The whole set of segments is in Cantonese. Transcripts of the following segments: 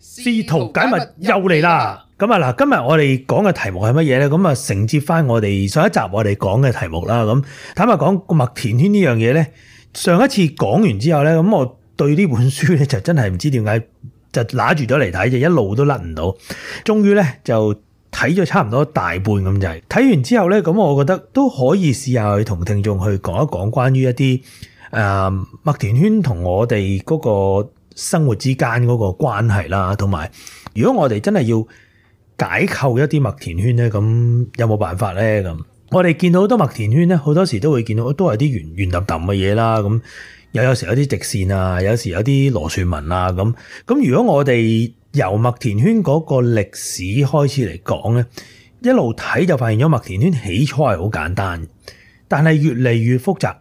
試圖解密又嚟啦！咁啊嗱，今日我哋講嘅題目係乜嘢咧？咁啊，承接翻我哋上一集我哋講嘅題目啦。咁坦白講麥田圈呢樣嘢咧，上一次講完之後咧，咁我對呢本書咧就真係唔知點解就拿住咗嚟睇，就一路都甩唔到。終於咧就睇咗差唔多大半咁就係睇完之後咧，咁我覺得都可以試下去同聽眾去講一講關於一啲誒麥田圈同我哋嗰個生活之間嗰個關係啦，同埋如果我哋真係要解構一啲麥田圈咧，咁有冇辦法咧？咁我哋見到好多麥田圈咧，好多時都會見到都係啲圓圓揼揼嘅嘢啦，咁又有時有啲直線啊，有時有啲螺旋紋啊，咁咁如果我哋由麥田圈嗰個歷史開始嚟講咧，一路睇就發現咗麥田圈起初係好簡單，但係越嚟越複雜，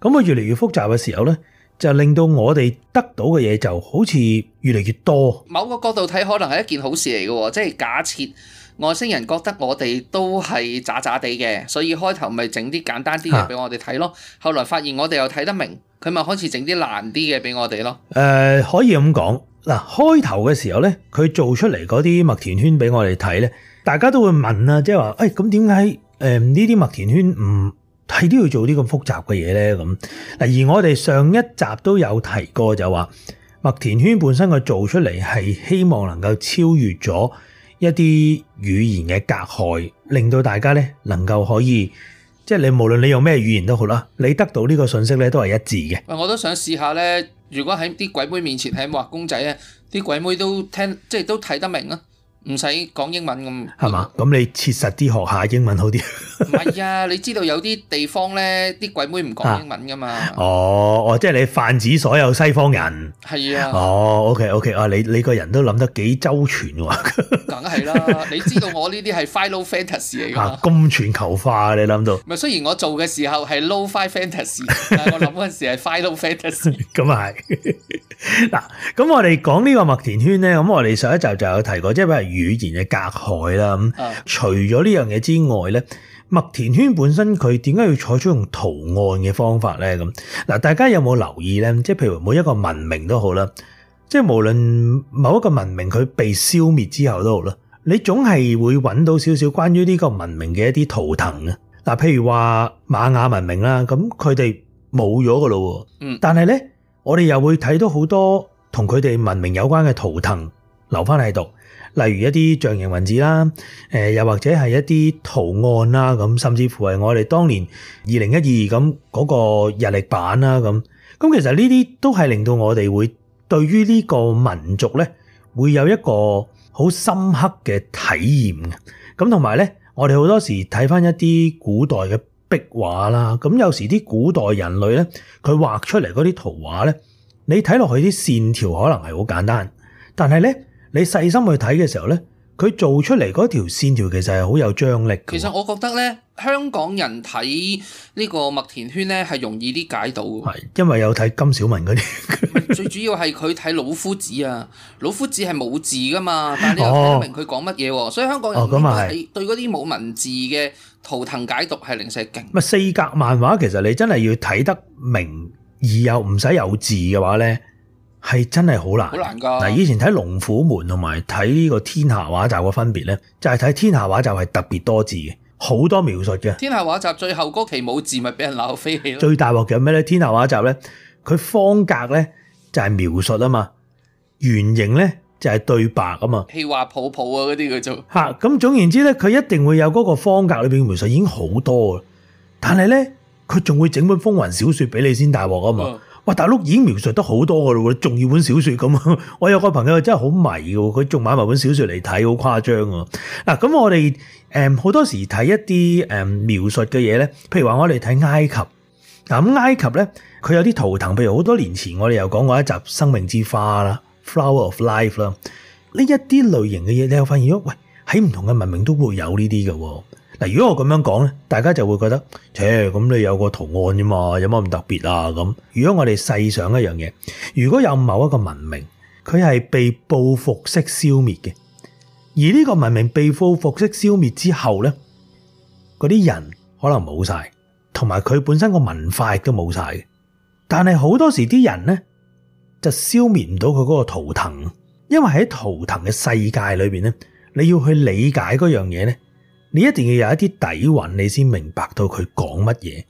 咁佢越嚟越複雜嘅時候咧。就令到我哋得到嘅嘢就好似越嚟越多。某個角度睇，可能係一件好事嚟嘅，即係假設外星人覺得我哋都係渣渣地嘅，所以開頭咪整啲簡單啲嘅俾我哋睇咯。啊、後來發現我哋又睇得明，佢咪開始整啲難啲嘅俾我哋咯。誒、呃，可以咁講嗱，開頭嘅時候呢，佢做出嚟嗰啲麥田圈俾我哋睇呢，大家都會問啊，即係話，誒咁點解誒呢啲麥田圈唔係都要做啲咁複雜嘅嘢咧，咁而我哋上一集都有提過，就話麥田圈本身佢做出嚟係希望能夠超越咗一啲語言嘅隔閡，令到大家咧能夠可以，即係你無論你用咩語言都好啦，你得到呢個信息咧都係一致嘅。我都想試下咧，如果喺啲鬼妹面前喺畫公仔啊，啲鬼妹都聽，即係都睇得明啊！唔使講英文咁，係嘛？咁你切實啲學下英文好啲。唔 係啊，你知道有啲地方咧，啲鬼妹唔講英文噶嘛？啊、哦哦，即係你泛指所有西方人。係啊。哦，OK OK，啊，你你個人都諗得幾周全喎。梗係啦，你知道我呢啲係 Final Fantasy 嚟㗎嘛？咁、啊、全球化、啊、你諗到？唔，雖然我做嘅時候係 low fantasy， 但我諗嗰時係 Final Fantasy。咁 也 啊係。嗱，咁我哋講呢個麥田圈咧，咁我哋上一集就有提過，即係譬如。語言嘅隔海啦，咁、uh，除咗呢樣嘢之外咧，麥田圈本身佢點解要採取用圖案嘅方法咧？咁嗱，大家有冇留意咧？即係譬如每一個文明都好啦，即係無論某一個文明佢被消滅之後都好啦，你總係會搵到少少關於呢個文明嘅一啲圖騰嘅。嗱，譬如話瑪雅文明啦，咁佢哋冇咗噶啦，嗯，但係咧，我哋又會睇到好多同佢哋文明有關嘅圖騰留翻喺度。例如一啲象形文字啦，誒又或者係一啲圖案啦，咁甚至乎係我哋當年二零一二咁嗰個日曆版啦，咁咁其實呢啲都係令到我哋會對於呢個民族咧，會有一個好深刻嘅體驗嘅。咁同埋咧，我哋好多時睇翻一啲古代嘅壁畫啦，咁有時啲古代人類咧，佢畫出嚟嗰啲圖畫咧，你睇落去啲線條可能係好簡單，但係咧。你細心去睇嘅時候呢，佢做出嚟嗰條線條其實係好有張力嘅。其實我覺得呢，香港人睇呢個麥田圈呢係容易啲解到。係，因為有睇金小文嗰啲。最主要係佢睇老夫子啊，老夫子係冇字㗎嘛，但係你又聽得明佢講乜嘢，哦，所以香港人對對嗰啲冇文字嘅圖騰解讀係零舍勁。四格漫畫其實你真係要睇得明而又唔使有字嘅話呢。係真係好難，嗱以前睇《龍虎門》同埋睇呢個《天下畫集》嘅分別咧，就係睇《天下畫集》係特別多字嘅，好多描述嘅。《天下畫集》最後嗰期冇字，咪俾人鬧飛起咯。最大鑊嘅咩咧，《天下畫集》咧，佢方格咧就係描述啊嘛，圓形咧就係對白泡泡啊嘛，氣話抱抱啊嗰啲佢做。吓，咁總言之咧，佢一定會有嗰個方格裏邊描述已經好多嘅，但係咧佢仲會整本風雲小說俾你先大鑊啊嘛。嗯哇！大陸已經描述得好多噶啦喎，仲要本小說咁，我有個朋友真係好迷喎，佢仲買埋本小說嚟睇，好誇張喎。嗱，咁我哋誒好多時睇一啲誒描述嘅嘢咧，譬如話我哋睇埃及，嗱咁埃及咧，佢有啲圖騰，譬如好多年前我哋又講過一集《生命之花》啦，《Flower of Life》啦，呢一啲類型嘅嘢，你又發現咗？喂，喺唔同嘅文明都會有呢啲嘅喎。嗱，如果我咁樣講咧，大家就會覺得，切、欸、咁你有個圖案啫嘛，有乜咁特別啊？咁如果我哋細想一樣嘢，如果有某一個文明，佢係被報復式消滅嘅，而呢個文明被報復式消滅之後咧，嗰啲人可能冇晒，同埋佢本身個文化亦都冇晒嘅。但係好多時啲人咧，就消滅唔到佢嗰個圖騰，因為喺圖騰嘅世界裏邊咧，你要去理解嗰樣嘢咧。你一定要有一啲底蘊，你先明白到佢講乜嘢。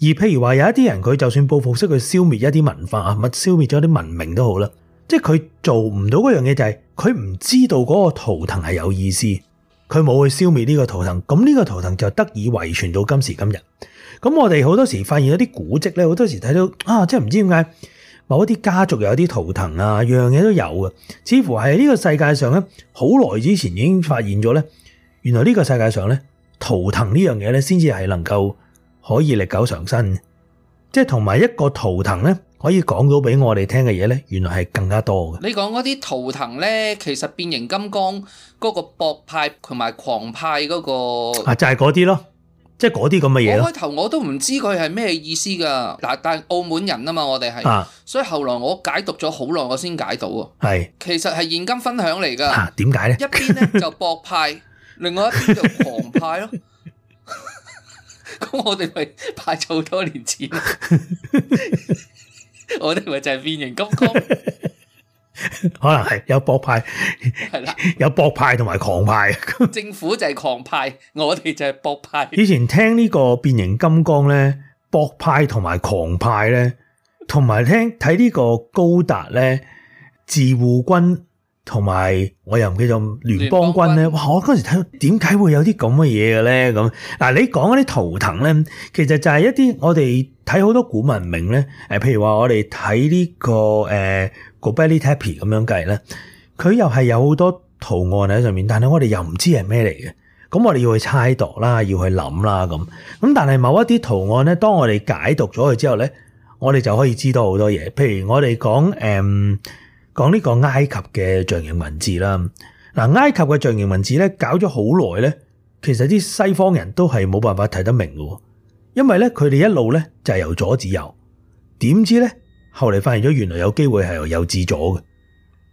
而譬如話有一啲人，佢就算報復式去消滅一啲文化啊，咪消滅咗啲文明都好啦。即係佢做唔到嗰樣嘢就係佢唔知道嗰個圖騰係有意思，佢冇去消滅呢個圖騰，咁、這、呢個圖騰就得以遺傳到今時今日。咁我哋好多時發現一啲古跡咧，好多時睇到啊，即係唔知點解某一啲家族有啲圖騰啊，樣嘢都有啊，似乎係呢個世界上咧好耐之前已經發現咗咧。原來呢個世界上呢圖騰呢樣嘢呢，先至係能夠可以歷久常新，即係同埋一個圖騰呢，可以講到俾我哋聽嘅嘢呢，原來係更加多嘅。你講嗰啲圖騰呢，其實變形金剛嗰個博派同埋狂派嗰個啊，就係嗰啲咯，即係嗰啲咁嘅嘢。開頭我都唔知佢係咩意思噶，嗱，但係澳門人啊嘛，我哋係，啊、所以後來我解讀咗好耐，我先解到係，其實係現金分享嚟噶。點解、啊、呢？一邊呢就博派。 另外一邊就狂派咯，咁 我哋咪派咗好多年錢， 我哋咪就係變形金剛， 可能係有博派，係啦 的， 有博派同埋狂派， 政府就係狂派，我哋就係博派。 以前聽呢個變形金剛咧，博派同埋狂派咧，同埋聽睇呢個高達咧，自護軍。同埋我又唔記得聯邦軍咧，軍哇！我嗰時睇到，點解會有啲咁嘅嘢嘅咧？咁嗱，你講嗰啲圖騰咧，其實就係一啲我哋睇好多古文明咧。譬如話我哋睇呢個誒古巴利塔皮咁樣計咧，佢又係有好多圖案喺上面，但係我哋又唔知係咩嚟嘅。咁我哋要去猜度啦，要去諗啦，咁咁。但係某一啲圖案咧，當我哋解讀咗佢之後咧，我哋就可以知道好多嘢。譬如我哋講講呢個埃及嘅象形文字啦，嗱埃及嘅象形文字咧搞咗好耐咧，其實啲西方人都係冇辦法睇得明嘅，因為咧佢哋一路咧就係由左至右，點知咧後嚟發現咗原來有機會係由右至左嘅，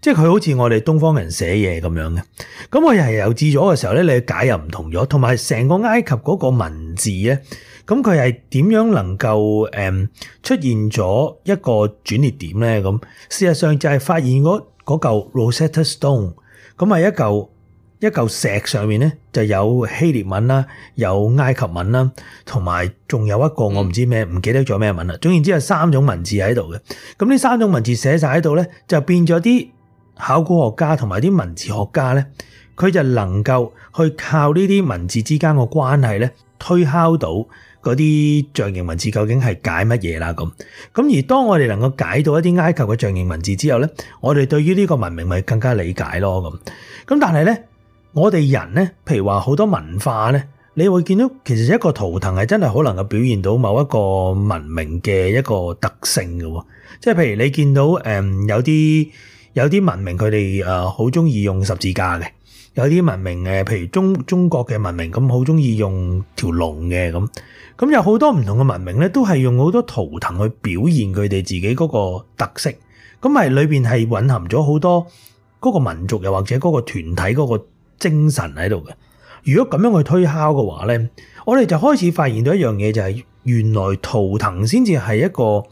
即係佢好似我哋東方人寫嘢咁樣嘅，咁我由右至左嘅時候咧，你解又唔同咗，同埋成個埃及嗰個文字咧。咁佢係點樣能夠誒出現咗一個轉捩點咧？咁事實上就係發現嗰嗰嚿 Rosetta Stone，咁係一嚿一嚿石上面咧就有希臘文啦、有埃及文啦，同埋仲有一個我唔知咩唔記得咗咩文啦。總言之係三種文字喺度嘅。咁呢三種文字寫晒喺度咧，就變咗啲考古學家同埋啲文字學家咧，佢就能夠去靠呢啲文字之間嘅關係咧，推敲到。嗰啲象形文字究竟係解乜嘢啦？咁咁而當我哋能夠解到一啲埃及嘅象形文字之後咧，我哋對於呢個文明咪更加理解咯。咁咁但係咧，我哋人咧，譬如話好多文化咧，你會見到其實一個圖騰係真係好能夠表現到某一個文明嘅一個特性嘅喎。即係譬如你見到誒有啲有啲文明佢哋誒好中意用十字架嘅，有啲文明誒譬如中中國嘅文明咁好中意用條龍嘅咁。咁有好多唔同嘅文明咧，都係用好多圖騰去表現佢哋自己嗰個特色。咁咪裏面係蘊含咗好多嗰個民族又或者嗰個團體嗰個精神喺度嘅。如果咁樣去推敲嘅話咧，我哋就開始發現到一樣嘢，就係原來圖騰先至係一個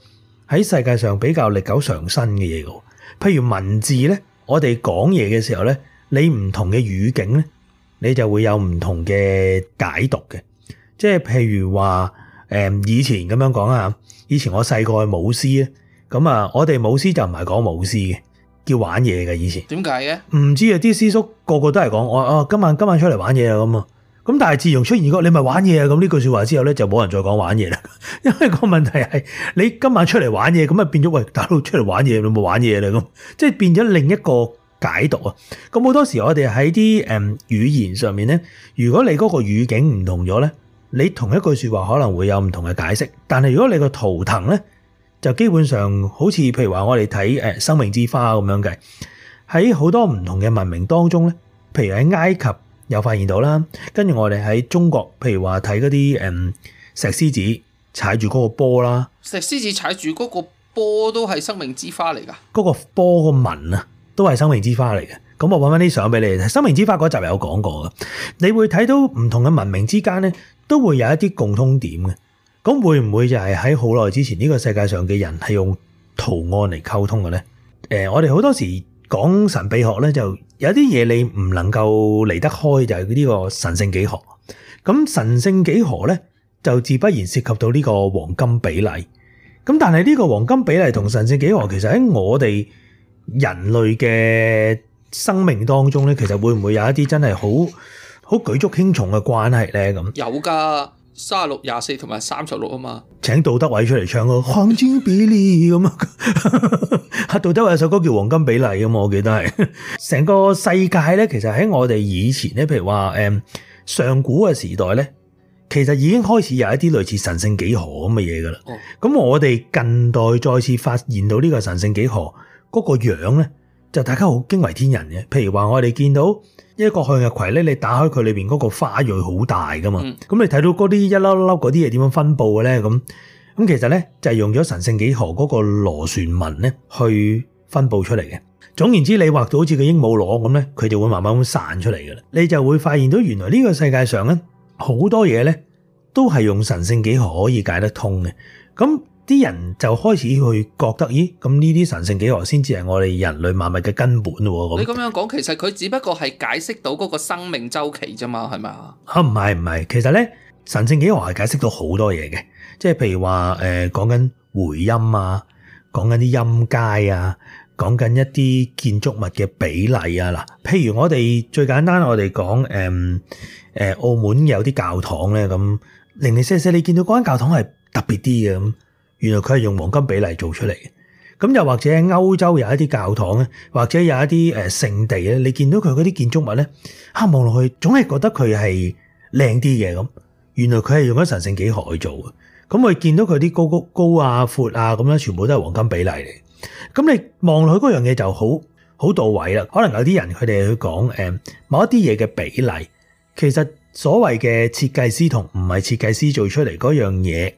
喺世界上比較歷久常新嘅嘢。譬如文字咧，我哋講嘢嘅時候咧，你唔同嘅語境咧，你就會有唔同嘅解讀嘅。即係譬如話，誒以前咁樣講啦，以前我細個去舞獅啊，咁啊我哋舞獅就唔係講舞獅嘅，叫玩嘢嘅以前。點解嘅？唔知啊，啲師叔個個都係講我啊，今晚今晚出嚟玩嘢啊咁啊，咁但係自從出現過你咪玩嘢啊，咁呢句說話之後咧，就冇人再講玩嘢啦。因為個問題係你今晚出嚟玩嘢，咁啊變咗喂大佬出嚟玩嘢，你冇玩嘢啦咁，即係變咗另一個解讀啊。咁好多時我哋喺啲誒語言上面咧，如果你嗰個語境唔同咗咧。你同一句說話可能會有唔同嘅解釋，但係如果你個圖騰咧，就基本上好似譬如話我哋睇生命之花咁樣嘅，喺好多唔同嘅文明當中咧，譬如喺埃及有發現到啦，跟住我哋喺中國，譬如話睇嗰啲石獅子踩住嗰個波啦，石獅子踩住嗰個波都係生命之花嚟噶，嗰個波個紋啊都係生命之花嚟嘅。咁我揾翻啲相俾你睇，《生命之花》嗰集有講過嘅，你會睇到唔同嘅文明之間咧，都會有一啲共通點嘅。咁會唔會就係喺好耐之前呢個世界上嘅人係用圖案嚟溝通嘅咧？誒，我哋好多時講神秘學咧，就有啲嘢你唔能夠離得開，就係、是、呢個神聖幾何。咁神聖幾何咧，就自不然涉及到呢個黃金比例。咁但係呢個黃金比例同神聖幾何，其實喺我哋人類嘅，生命當中咧，其實會唔會有一啲真係好好舉足輕重嘅關係咧？咁有㗎，三十六廿四同埋三十六啊嘛。請杜德偉出嚟唱個《黃金比例》咁啊！杜德偉有首歌叫《黃金比例》咁嘛。我記得係。成個世界咧，其實喺我哋以前咧，譬如話誒上古嘅時代咧，其實已經開始有一啲類似神聖幾何咁嘅嘢㗎啦。咁、嗯、我哋近代再次發現到呢個神聖幾何嗰個樣咧。就大家好驚為天人嘅，譬如話我哋見到一個向日葵咧，你打開佢裏邊嗰個花蕊好大噶嘛，咁、嗯、你睇到嗰啲一粒粒嗰啲嘢點樣分佈嘅咧，咁咁其實咧就係、是、用咗神聖幾何嗰個螺旋紋咧去分佈出嚟嘅。總言之，你畫到好似個鸚鵡螺咁咧，佢就會慢慢咁散出嚟嘅啦。你就會發現到原來呢個世界上咧好多嘢咧都係用神聖幾何可以解得通嘅。咁啲人就開始去覺得，咦？咁呢啲神聖幾何先至係我哋人類萬物嘅根本喎。你咁樣講，其實佢只不過係解釋到嗰個生命周期啫嘛，係咪啊？唔係唔係，其實咧神聖幾何係解釋到好多嘢嘅，即係譬如話誒、呃、講緊回音啊，講緊啲音階啊，講緊一啲建築物嘅比例啊嗱。譬如我哋最簡單我，我哋講誒誒澳門有啲教堂咧，咁零零舍舍，寧寧寧寧你見到嗰間教堂係特別啲嘅咁。原來佢係用黃金比例做出嚟嘅，咁又或者歐洲有一啲教堂咧，或者有一啲誒聖地咧，你見到佢嗰啲建築物咧，望落去總係覺得佢係靚啲嘅咁。原來佢係用咗神聖幾何去做嘅，咁我見到佢啲高高高啊、闊啊咁樣，全部都係黃金比例嚟。咁你望落去嗰樣嘢就好好到位啦。可能有啲人佢哋去講誒某一啲嘢嘅比例，其實所謂嘅設計師同唔係設計師做出嚟嗰樣嘢。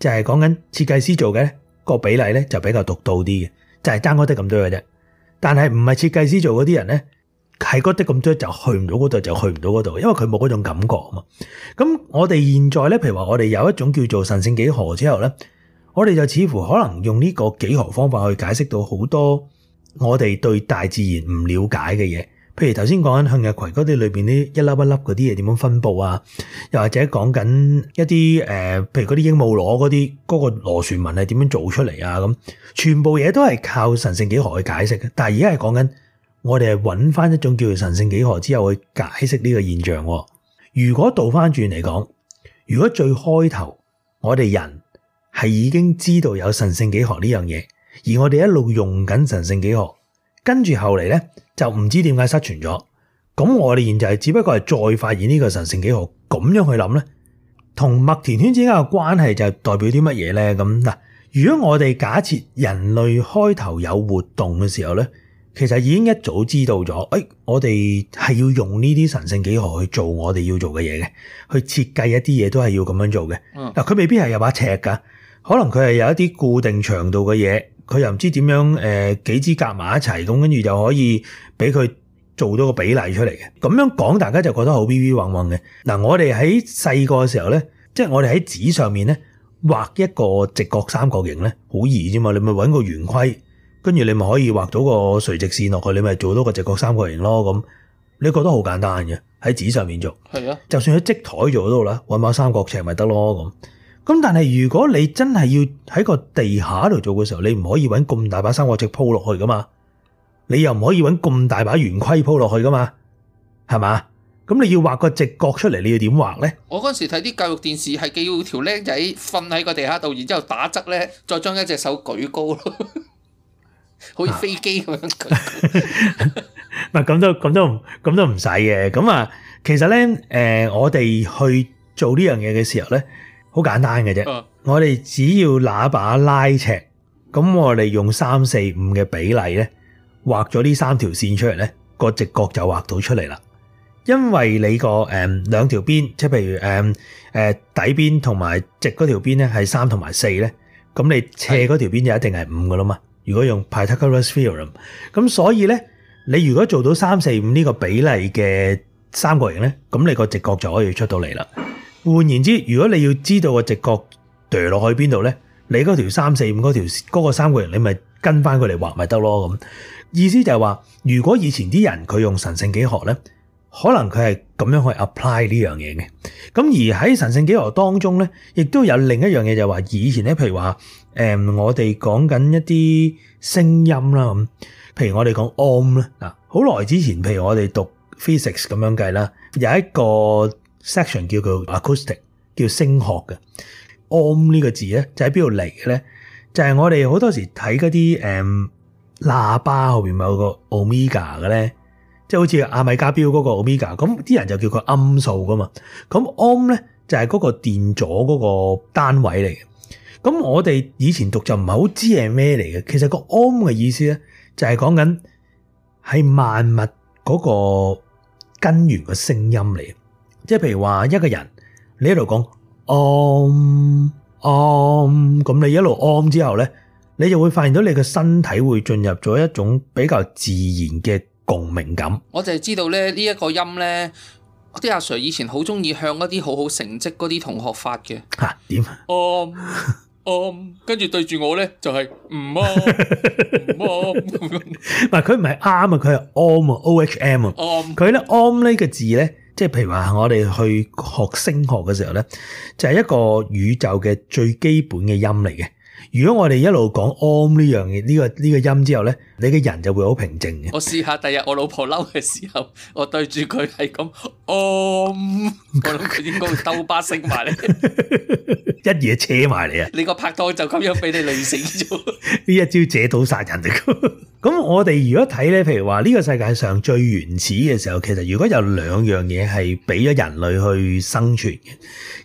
就係講緊設計師做嘅呢個比例咧就比較獨到啲嘅，就係爭嗰啲咁多嘅啫。但係唔係設計師做嗰啲人咧，係嗰啲咁多就去唔到嗰度，就去唔到嗰度，因為佢冇嗰種感覺啊嘛。咁我哋現在咧，譬如話我哋有一種叫做神聖幾何之後咧，我哋就似乎可能用呢個幾何方法去解釋到好多我哋對大自然唔了解嘅嘢。譬如頭先講緊向日葵嗰啲裏面啲一粒一粒嗰啲嘢點樣分佈啊，又或者講緊一啲，呃，譬如嗰啲鸚鵡螺嗰啲嗰個螺旋紋係點樣做出嚟啊咁，全部嘢都係靠神聖幾何去解釋。但係而家係講緊，我哋係揾返一種叫做神聖幾何之後去解釋呢個現象。如果倒翻轉嚟講，如果最開頭我哋人係已經知道有神聖幾何呢樣嘢，而我哋一路用緊神聖幾何。跟住後嚟咧，就唔知點解失傳咗。咁我哋現在係只不過係再發現呢個神聖幾何咁樣去諗咧，同麥田圈之間嘅關係就代表啲乜嘢咧？咁嗱，如果我哋假設人類開頭有活動嘅時候咧，其實已經一早知道咗，誒，我哋係要用呢啲神聖幾何去做我哋要做嘅嘢嘅，去設計一啲嘢都係要咁樣做嘅。佢未必係有把尺噶，可能佢係有一啲固定長度嘅嘢。佢又唔知點樣誒、呃、幾支夾埋一齊咁，跟住就可以俾佢做到個比例出嚟嘅。咁樣講，大家就覺得好 B B 戧戧嘅。嗱，我哋喺細個嘅時候咧，即係我哋喺紙上面咧畫一個直角三角形咧，好易啫嘛。你咪揾個圓規，跟住你咪可以畫到個垂直線落去，你咪做到個直角三角形咯。咁你覺得好簡單嘅喺紙上面做，係啊，就算喺積台做都好啦，揾把三角尺咪得咯咁。咁但係如果你真係要喺個地下度做嘅時候，你唔可以搵咁大把三角尺鋪落去噶嘛？你又唔可以搵咁大把圓規鋪落去噶嘛？係嘛？咁你要畫個直角出嚟，你要點畫咧？我嗰時睇啲教育電視，係見條僆仔瞓喺個地下度，然之後打側咧，再將一隻手舉高咯，好似飛機咁樣舉。唔係咁都咁都咁都唔使嘅。咁啊，其實咧，誒，我哋去做呢樣嘢嘅時候咧。好簡單嘅啫，我哋只要拿把拉尺，咁我哋用三四五嘅比例咧，畫咗呢三條線出嚟咧，個直角就畫到出嚟啦。因為你個誒、嗯、兩條邊，即係譬如誒誒、嗯呃、底邊同埋直嗰條邊咧，係三同埋四咧，咁你斜嗰條邊就一定係五噶啦嘛。如果用 Pythagoras theorem，咁所以咧，你如果做到三四五呢個比例嘅三角形咧，咁你個直角就可以出到嚟啦。換言之，如果你要知道個直角墜落去邊度咧，你嗰條三四五嗰條嗰個三角形，你咪跟翻佢嚟畫咪得咯咁。意思就係話，如果以前啲人佢用神聖幾何咧，可能佢係咁樣去 apply 呢樣嘢嘅。咁而喺神聖幾何當中咧，亦都有另一樣嘢就係話，以前咧，譬如話誒、嗯，我哋講緊一啲聲音啦咁，譬如我哋講 Om 啦嗱，好耐之前，譬如我哋讀 physics 咁樣計啦，有一個。section 叫做 acoustic，叫聲學嘅。om、oh、呢個字咧，就喺邊度嚟嘅咧？就係我哋好多時睇嗰啲誒喇叭後邊咪有個 omega 嘅咧，即、就、係、是、好似阿米加錶嗰個 omega。咁啲人就叫佢音數噶嘛。咁 om 咧就係、是、嗰個電阻嗰個單位嚟嘅。咁我哋以前讀就唔係好知係咩嚟嘅。其實個 om、oh、嘅意思咧就係講緊係萬物嗰個根源嘅聲音嚟。即係譬如話一個人，你一路講 om om，咁你一路 om、哦、之後咧，你就會發現到你個身體會進入咗一種比較自然嘅共鳴感。我淨係知道咧呢一、這個音咧，啲阿 sir 以前好中意向一啲好好成績嗰啲同學發嘅吓點？om om，跟住對住我咧就係唔 om 唔 om，唔係佢唔係啱啊，佢係 om 啊，o h m 啊，om 佢咧 om 呢、哦、個字咧。即係譬如話，我哋去學聲學嘅時候咧，就係、是、一個宇宙嘅最基本嘅音嚟嘅。如果我哋一路講 Om 呢樣嘢，呢個呢個音之後咧，你嘅人就會好平靜嘅。我試下第日我老婆嬲嘅時候，我對住佢係咁 Om 我諗佢應該兜巴星埋 你，一嘢扯埋嚟啊！你個拍拖就咁樣俾你累死咗，呢 一招借刀殺人嚟嘅。咁 我哋如果睇咧，譬如話呢個世界上最原始嘅時候，其實如果有兩樣嘢係俾咗人類去生存嘅。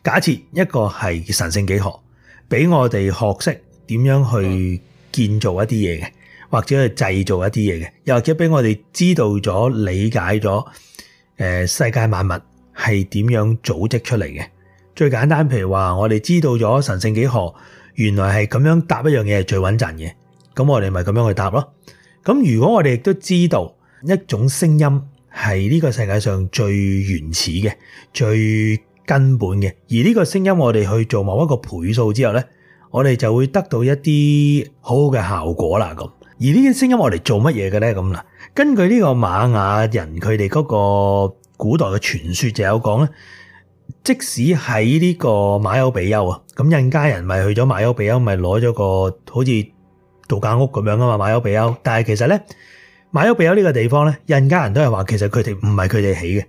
假設一個係神聖幾何，俾我哋學識。點樣去建造一啲嘢嘅，或者去製造一啲嘢嘅，又或者俾我哋知道咗、理解咗，誒世界萬物係點樣組織出嚟嘅？最簡單，譬如話我哋知道咗神聖幾何，原來係咁樣答一樣嘢係最穩陣嘅，咁我哋咪咁樣去答咯。咁如果我哋亦都知道一種聲音係呢個世界上最原始嘅、最根本嘅，而呢個聲音我哋去做某一個倍數之後呢。我哋就會得到一啲好嘅效果啦，咁而這些聲，呢個聲音我哋做乜嘢嘅呢？咁啦，根據呢個瑪雅人佢哋嗰個古代嘅傳說就有講咧，即使喺呢個馬丘比丘啊，咁印加人咪去咗馬丘比丘，咪攞咗個好似度假屋咁樣啊嘛，馬丘比丘，但係其實呢，馬丘比丘呢個地方呢，印加人都係話其實佢哋唔係佢哋起嘅。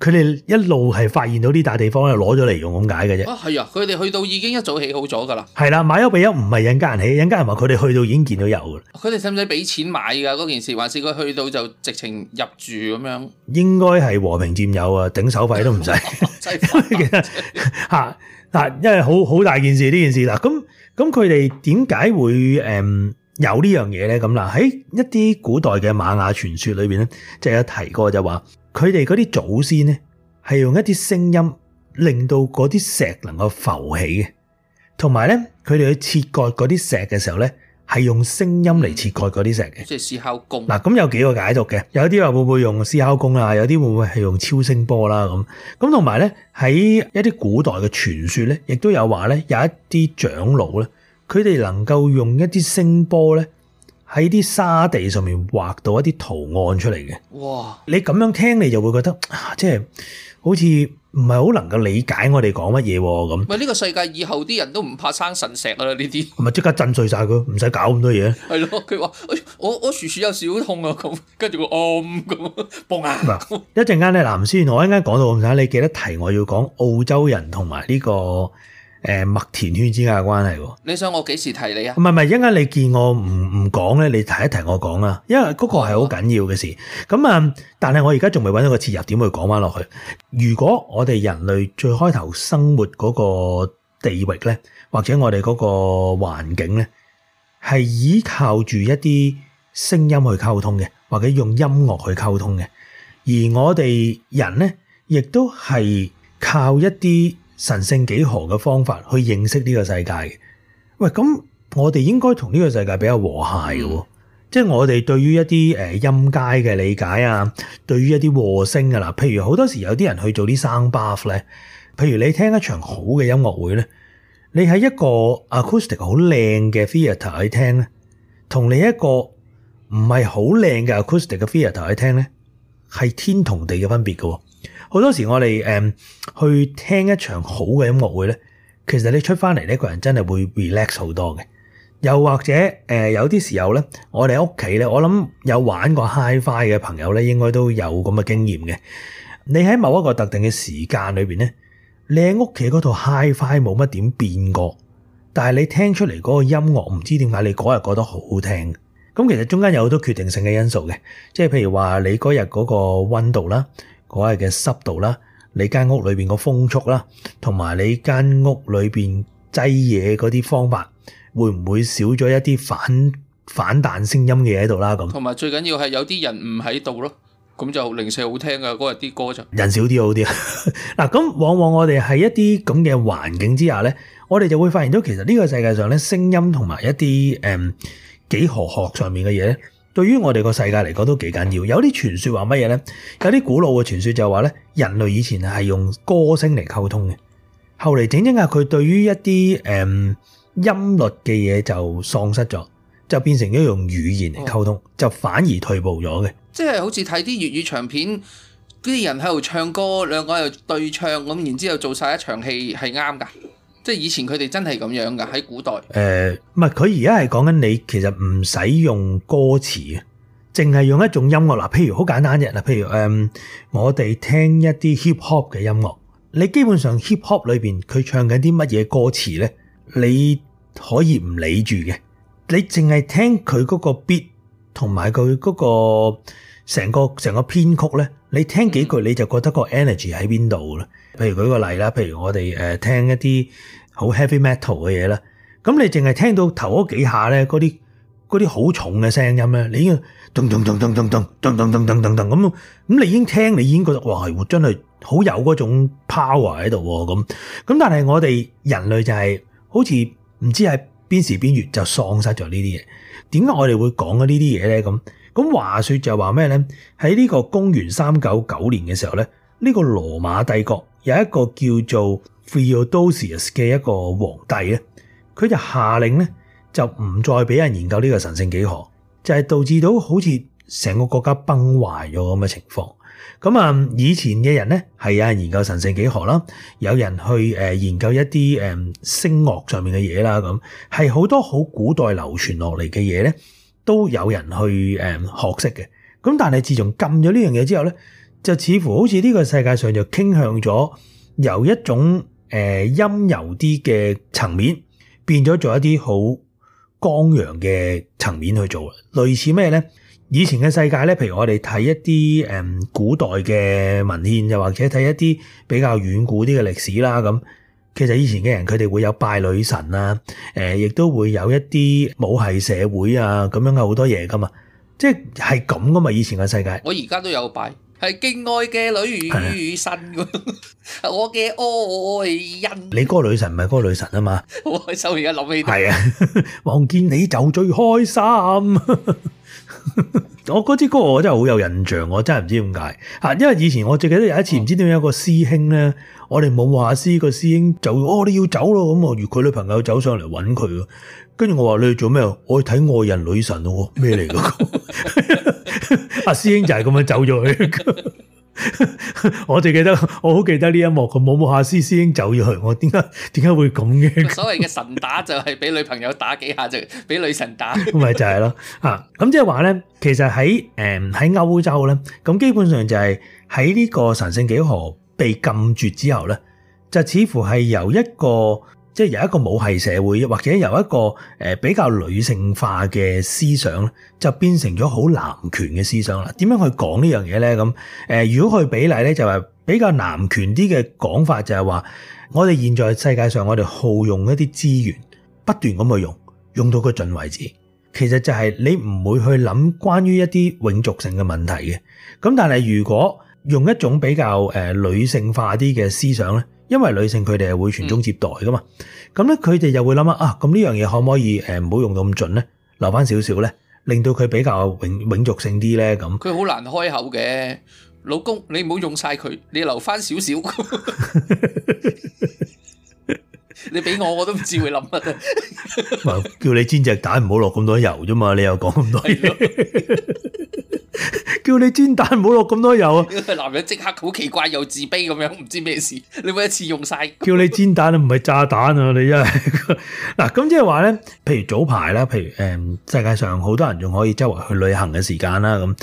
佢哋一路係發現到呢笪地方，又攞咗嚟用咁解嘅啫。啊，係啊！佢哋去到已經一早起好咗噶啦。係啦，買咗俾一唔係印加人起，印加人話佢哋去到已經見到有㗎喇。佢哋使唔使俾錢買噶嗰件事，還是佢去到就直情入住咁樣？應該係和平佔有啊，頂手費都唔使。其實嚇嗱， 因為好好大件事呢件事嗱，咁咁佢哋點解會誒、嗯、有呢樣嘢咧？咁嗱喺一啲古代嘅瑪雅傳說裏面，咧，即係有提過就話。佢哋嗰啲祖先咧，係用一啲聲音令到嗰啲石能夠浮起嘅，同埋咧，佢哋去切割嗰啲石嘅時候咧，係用聲音嚟切割嗰啲石嘅。即係獅吼功嗱，咁有幾個解讀嘅，有啲話會唔會用獅吼功啊？有啲會唔會係用超聲波啦咁？咁同埋咧，喺一啲古代嘅傳說咧，亦都有話咧，有一啲長老咧，佢哋能夠用一啲聲波咧。喺啲沙地上面畫到一啲圖案出嚟嘅。哇！你咁樣聽，你就會覺得，即係好似唔係好能夠理解我哋講乜嘢喎咁。咪呢個世界以後啲人都唔怕生神石啊！呢啲。咪即 刻震碎晒佢，唔使搞咁多嘢。係咯，佢話：我我我樹樹有少少痛啊！咁跟住個哦咁，嘣啊！嗱，一陣間咧，藍先。我一陣間講到咁滯，你記得提我要講澳洲人同埋呢個。誒麥田圈之間嘅關係喎，你想我幾時提你啊？唔係唔係，一陣間你見我唔唔講咧，你提一提我講啦。因為嗰個係好緊要嘅事。咁啊、哦，但係我而家仲未揾到一個切入點去講翻落去。如果我哋人類最開頭生活嗰個地域咧，或者我哋嗰個環境咧，係依靠住一啲聲音去溝通嘅，或者用音樂去溝通嘅，而我哋人咧，亦都係靠一啲。神聖幾何嘅方法去認識呢個世界喂，咁我哋應該同呢個世界比較和諧嘅，即係我哋對於一啲音階嘅理解啊，對於一啲和聲嘅啦，譬如好多時有啲人去做啲 sound bath 咧，譬如你聽一場好嘅音樂會咧，你喺一個 acoustic 好靚嘅 theater 去喺聽咧，同你一個唔係好靚嘅 acoustic 嘅 theater 去喺聽咧，係天同地嘅分別嘅。好多時我哋誒、嗯、去聽一場好嘅音樂會咧，其實你出翻嚟呢個人真係會 relax 好多嘅。又或者誒、呃，有啲時候咧，我哋屋企咧，我諗有玩過 Hi-Fi 嘅朋友咧，應該都有咁嘅經驗嘅。你喺某一個特定嘅時間裏面咧，你喺屋企嗰套 Hi-Fi 冇乜點變過，但係你聽出嚟嗰個音樂，唔知點解你嗰日覺得好好聽。咁其實中間有好多決定性嘅因素嘅，即係譬如話你嗰日嗰個温度啦。嗰日嘅濕度啦，你間屋裏邊個風速啦，同埋你間屋裏邊擠嘢嗰啲方法，會唔會少咗一啲反反彈聲音嘅嘢喺度啦？咁同埋最緊要係有啲人唔喺度咯，咁就零舍好聽啊！嗰日啲歌就人少啲好啲啦。嗱，咁往往我哋喺一啲咁嘅環境之下咧，我哋就會發現到其實呢個世界上咧，聲音同埋一啲誒幾何學上面嘅嘢。對於我哋個世界嚟講都幾緊要，有啲傳說話乜嘢呢？有啲古老嘅傳說就話咧，人類以前係用歌聲嚟溝通嘅，後嚟整整下佢對於一啲誒、嗯、音律嘅嘢就喪失咗，就變成咗用語言嚟溝通，哦、就反而退步咗嘅。即係好似睇啲粵語長片，啲人喺度唱歌，兩個喺度對唱咁，然之後做晒一場戲係啱噶。即係以前佢哋真係咁樣噶，喺古代。誒、呃，唔係佢而家係講緊你，其實唔使用，用歌詞啊，淨係用一種音樂嗱。譬如好簡單啫嗱，譬如誒、嗯，我哋聽一啲 hip hop 嘅音樂，你基本上 hip hop 裏邊佢唱緊啲乜嘢歌詞咧，你可以唔理住嘅，你淨係聽佢嗰個 beat 同埋佢嗰個成個成個編曲咧。你聽幾句你就覺得個 energy 喺邊度啦？譬如舉個例啦，譬如我哋誒聽一啲好 heavy metal 嘅嘢啦，咁你淨係聽到頭嗰幾下咧，嗰啲嗰啲好重嘅聲音咧，你已經咚咚咚咚咚咚咚咚噔噔噔咁咁，你已經聽，你已經覺得哇，係真係好有嗰種 power 喺度喎，咁咁，但係我哋人類就係好似唔知喺邊時邊月就喪失咗呢啲嘢，點解我哋會講緊呢啲嘢咧？咁？咁話說就話咩咧？喺呢個公元三九九年嘅時候咧，呢個羅馬帝國有一個叫做 Theodosius 嘅一個皇帝呢，佢就下令咧，就唔再俾人研究呢個神聖幾何，就係導致到好似成個國家崩壞咗咁嘅情況。咁啊，以前嘅人咧係有人研究神聖幾何啦，有人去研究一啲誒聲樂上面嘅嘢啦，咁係好多好古代流傳落嚟嘅嘢咧。都有人去誒、嗯、學識嘅，咁但係自從禁咗呢樣嘢之後呢，就似乎好似呢個世界上就傾向咗由一種誒、呃、陰柔啲嘅層面變咗做一啲好光陽嘅層面去做啦。類似咩呢？以前嘅世界呢，譬如我哋睇一啲誒、嗯、古代嘅文獻，又或者睇一啲比較遠古啲嘅歷史啦咁。其實以前嘅人佢哋會有拜女神啊，誒，亦都會有一啲母系社會啊，咁樣嘅好多嘢噶嘛，即係咁噶嘛，以前嘅世界。我而家都有拜，係敬愛嘅女神，我嘅愛人。你嗰個女神唔係嗰個女神啊嘛，好開心而家諗起，係啊，望見你就最開心。我嗰支歌我真係好有印象，我真係唔知點解。因為以前我最記得有一次，唔知點解有個師兄咧，我哋話畫師、那個師兄走，我、哦、哋要走咯，咁我約佢女朋友走上嚟揾佢。跟住我話你去做咩？我去睇愛人女神咯，咩嚟噶？阿師兄就係咁樣走咗去。 我就記得，我好記得呢一幕，佢冇冇下師，師兄走咗去，我點解點解會咁嘅？ 所謂嘅神打就係俾女朋友打幾下就俾女神打，咁 咪就係咯吓。咁即係話咧，其實喺誒喺歐洲咧，咁基本上就係喺呢個神聖幾何被禁絕之後咧，就似乎係由一個。即係由一個母系社會，或者由一個誒比較女性化嘅思想就變成咗好男權嘅思想啦。點樣去講呢樣嘢呢？咁誒，如果去比例咧，就係比較男權啲嘅講法，就係話我哋現在世界上，我哋耗用一啲資源，不斷咁去用，用到佢盡為止，其實就係你唔會去諗關於一啲永續性嘅問題嘅。咁但係如果用一種比較誒女性化啲嘅思想咧？因為女性佢哋係會傳宗接代噶嘛，咁咧佢哋又會諗啊，啊咁呢樣嘢可唔可以誒唔好用到咁盡咧，留翻少少咧，令到佢比較永永續性啲咧咁。佢好難開口嘅，老公你唔好用晒佢，你留翻少少。 你俾我，我都唔知會諗乜。 叫你煎隻蛋唔好落咁多油啫嘛，你又講咁多嘢。 叫你煎蛋唔好落咁多油啊！男人即刻好奇怪又自卑咁樣，唔知咩事。你每一次用晒， 叫你煎蛋唔係炸彈啊！你真係！嗱，咁即係話咧，譬如早排啦，譬如誒、嗯、世界上好多人仲可以周圍去旅行嘅時間啦，咁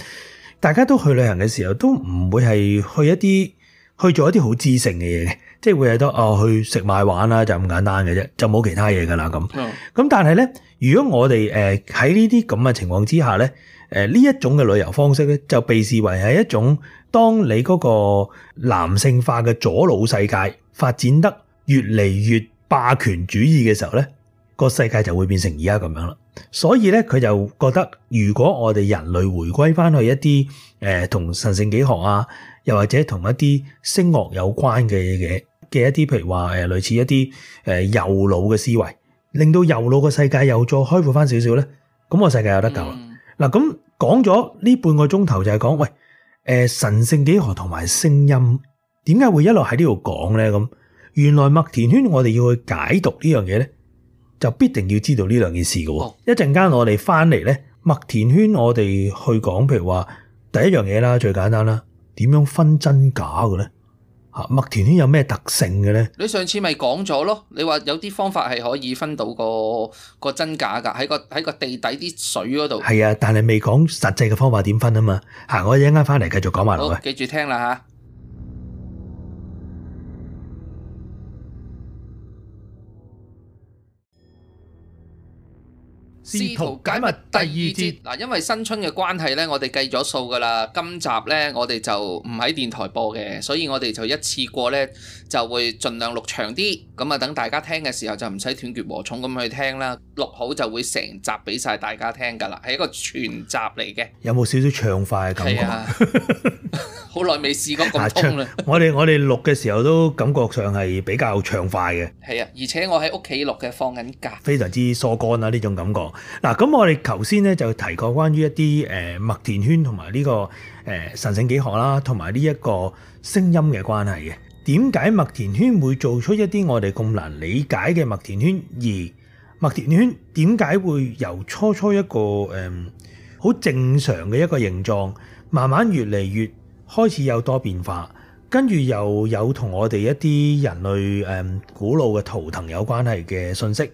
大家都去旅行嘅時候，都唔會係去一啲去做一啲好知性嘅嘢。即係會有得啊，去食買玩啦，就咁簡單嘅啫，就冇其他嘢噶啦咁。咁、嗯、但係咧，如果我哋誒喺呢啲咁嘅情況之下咧，呢一種嘅旅遊方式咧，就被視為係一種，當你嗰個男性化嘅左腦世界發展得越嚟越霸權主義嘅時候咧，個世界就會變成而家咁樣啦。所以咧，佢就覺得，如果我哋人類回歸翻去一啲誒同神聖幾學啊。又或者同一啲聲樂有關嘅嘢嘅一啲，譬如話誒類似一啲誒右腦嘅思維，令到右腦嘅世界又再開闊翻少少咧，咁個世界有得救啦。嗱、嗯，咁講咗呢半個鐘頭就係講，喂，呃、神聖幾何同埋聲音點解會一路喺呢度講咧？咁原來麥田圈我哋要去解讀呢樣嘢咧，就必定要知道呢兩件事嘅。一陣間我哋翻嚟咧，麥田圈我哋去講，譬如話第一樣嘢啦，最簡單啦。點樣分真假嘅咧？吓，麥田圈有咩特性嘅咧？你上次咪講咗咯？你話有啲方法係可以分到個個真假噶，喺個喺個地底啲水嗰度。係啊，但係未講實際嘅方法點分啊嘛。吓，我一陣間翻嚟繼續講埋落去。好啊，記住聽啦吓。試圖解密第二節嗱，因為新春嘅關係咧，我哋計咗數㗎啦。今集咧，我哋就唔喺電台播嘅，所以我哋就一次過咧。就會盡量錄長啲，咁啊等大家聽嘅時候就唔使斷斷續續咁去聽啦。錄好就會成集俾曬大家聽㗎啦，係一個全集嚟嘅。有冇少少暢快嘅感覺？係啊，好耐未試過咁通啦！我哋我哋錄嘅時候都感覺上係比較暢快嘅。係啊，而且我喺屋企錄嘅，放緊假，非常之疏乾啊呢種感覺。嗱，咁我哋頭先咧就提過關於一啲誒麥田圈同埋呢個誒神聖幾何啦，同埋呢一個聲音嘅關係嘅。點解麥田圈會做出一啲我哋咁難理解嘅麥田圈？而麥田圈點解會由初初一個誒好、嗯、正常嘅一個形狀，慢慢越嚟越開始有多變化，跟住又有同我哋一啲人類誒、嗯、古老嘅圖騰有關係嘅信息，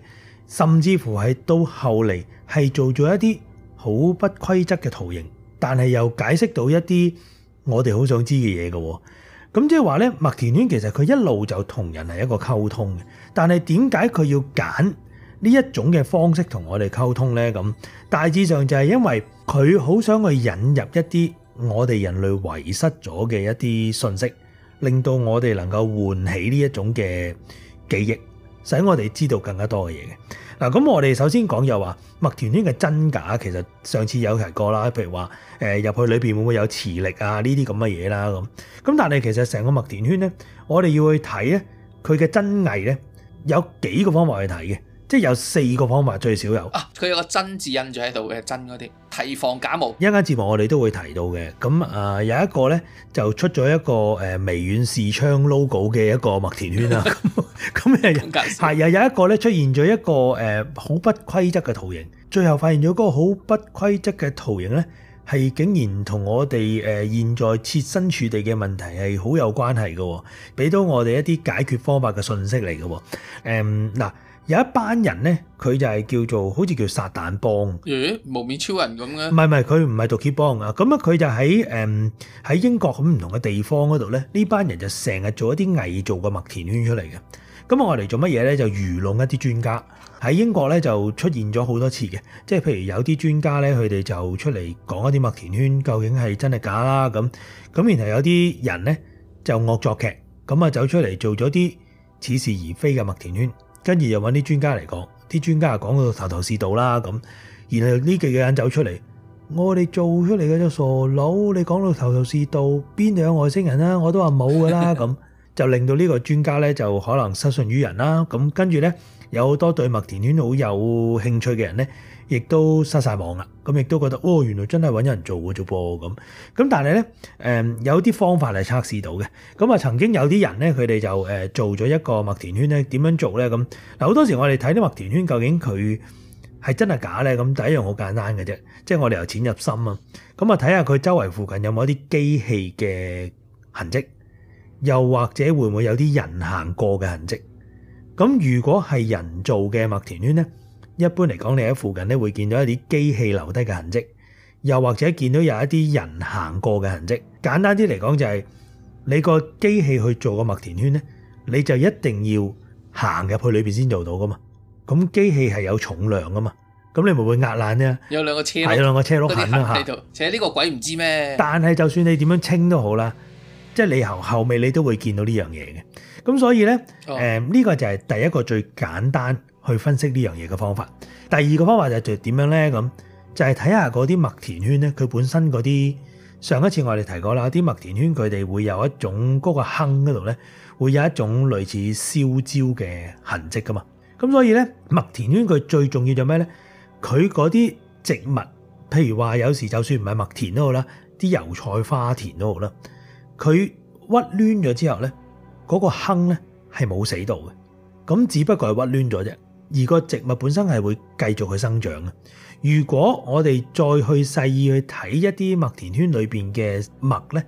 甚至乎係到後嚟係做咗一啲好不規則嘅圖形，但係又解釋到一啲我哋好想知嘅嘢㗎喎。咁即係話咧，麥田圈其實佢一路就同人係一個溝通嘅，但係點解佢要揀呢一種嘅方式同我哋溝通咧？咁大致上就係因為佢好想去引入一啲我哋人類遺失咗嘅一啲信息，令到我哋能夠喚起呢一種嘅記憶，使我哋知道更加多嘅嘢嘅。嗱，咁我哋首先講又話麥田圈嘅真假，其實上次有提過啦。譬如話，誒入去裏邊會唔會有磁力啊？呢啲咁嘅嘢啦，咁咁但係其實成個麥田圈咧，我哋要去睇咧佢嘅真偽咧，有幾個方法去睇嘅。即係有四個方法最少有啊，佢有個真字印住喺度嘅，真嗰啲提防假冒。一間節目我哋都會提到嘅，咁啊、呃、有一個咧就出咗一個誒、呃、微軟視窗 logo 嘅一個麥田圈啦。咁咁係又有一個咧出現咗一個誒好、呃、不規則嘅圖形，最後發現咗嗰個好不規則嘅圖形咧係竟然同我哋誒、呃、現在設身處地嘅問題係好有關係嘅、哦，俾到我哋一啲解決方法嘅信息嚟嘅、哦。誒、嗯、嗱。有一班人咧，佢就係叫做好似叫撒旦幫，咦，無面超人咁咧？唔係唔係，佢唔係毒蠍幫啊。咁啊，佢就喺、嗯、喺英國咁唔同嘅地方嗰度咧，呢班人就成日做一啲偽造嘅麥田圈出嚟嘅。咁我嚟做乜嘢咧？就愚弄一啲專家喺英國咧就出現咗好多次嘅，即係譬如有啲專家咧，佢哋就出嚟講一啲麥田圈究竟係真係假啦。咁咁，然後有啲人咧就惡作劇咁啊，走出嚟做咗啲似是而非嘅麥田圈。跟住又揾啲專家嚟講，啲專家講講到頭頭是道啦咁，然後呢幾個人走出嚟，我哋做出嚟嘅就傻佬，你講到頭頭是道，邊度有外星人啊？我都話冇噶啦咁，就令到呢個專家呢，就可能失信於人啦。咁跟住呢，有好多對麥田圈好有興趣嘅人呢。亦都失晒網啦，咁亦都覺得哦，原來真係揾人做嘅啫噃，咁咁但係咧，誒有啲方法係測試到嘅，咁啊曾經有啲人咧，佢哋就誒做咗一個麥田圈咧，點樣做咧？咁嗱，好多時我哋睇啲麥田圈究竟佢係真係假咧？咁第一樣好簡單嘅啫，即係我哋由淺入深啊，咁啊睇下佢周圍附近有冇啲機器嘅痕跡，又或者會唔會有啲人行過嘅痕跡？咁如果係人造嘅麥田圈咧？一般嚟講，你喺附近咧會見到一啲機器留低嘅痕跡，又或者見到有一啲人行過嘅痕跡。簡單啲嚟講，就係你個機器去做個麥田圈咧，你就一定要行入去裏邊先做到噶嘛。咁機器係有重量噶嘛，咁你咪會壓爛啫。有兩個車，係兩個車碌痕啦嚇。且呢個鬼唔知咩？但係就算你點樣清都好啦，即係你後後尾你都會見到呢樣嘢嘅。咁所以咧，誒呢個，哦，就係第一個最簡單。去分析呢樣嘢嘅方法。第二個方法就係點樣咧？咁就係睇下嗰啲麥田圈咧，佢本身嗰啲上一次我哋提過啦，啲麥田圈佢哋會有一種嗰個坑嗰度咧，會有一種類似燒焦嘅痕跡噶嘛。咁所以咧，麥田圈佢最重要就咩咧？佢嗰啲植物，譬如話有時就算唔係麥田都好啦，啲油菜花田都好啦，佢屈攣咗之後咧，嗰個坑咧係冇死到嘅，咁只不過係屈攣咗啫。而個植物本身係會繼續去生長嘅。如果我哋再去細意去睇一啲麥田圈裏邊嘅麥咧，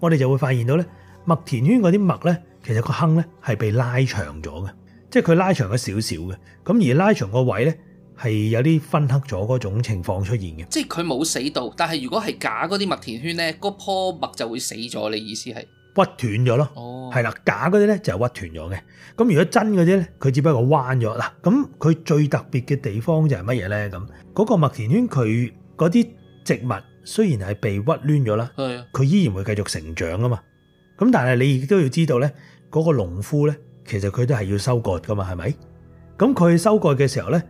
我哋就會發現到咧麥田圈嗰啲麥咧，其實個坑咧係被拉長咗嘅，即係佢拉長咗少少嘅。咁而拉長個位咧係有啲分黑咗嗰種情況出現嘅，即係佢冇死到，但係如果係假嗰啲麥田圈咧，個棵麥就會死咗。你意思係？屈斷咗咯，係啦，哦，假嗰啲咧就屈斷咗嘅。咁如果真嗰啲咧，佢只不過彎咗啦。咁佢最特別嘅地方就係乜嘢咧？咁、嗰、嗰個麥田圈佢嗰啲植物雖然係被屈攣咗啦，佢的依然會繼續成長啊嘛。咁但係你亦都要知道咧，嗰、嗰個農夫咧，其實佢都係要收割噶嘛，係咪？咁佢收割嘅時候咧，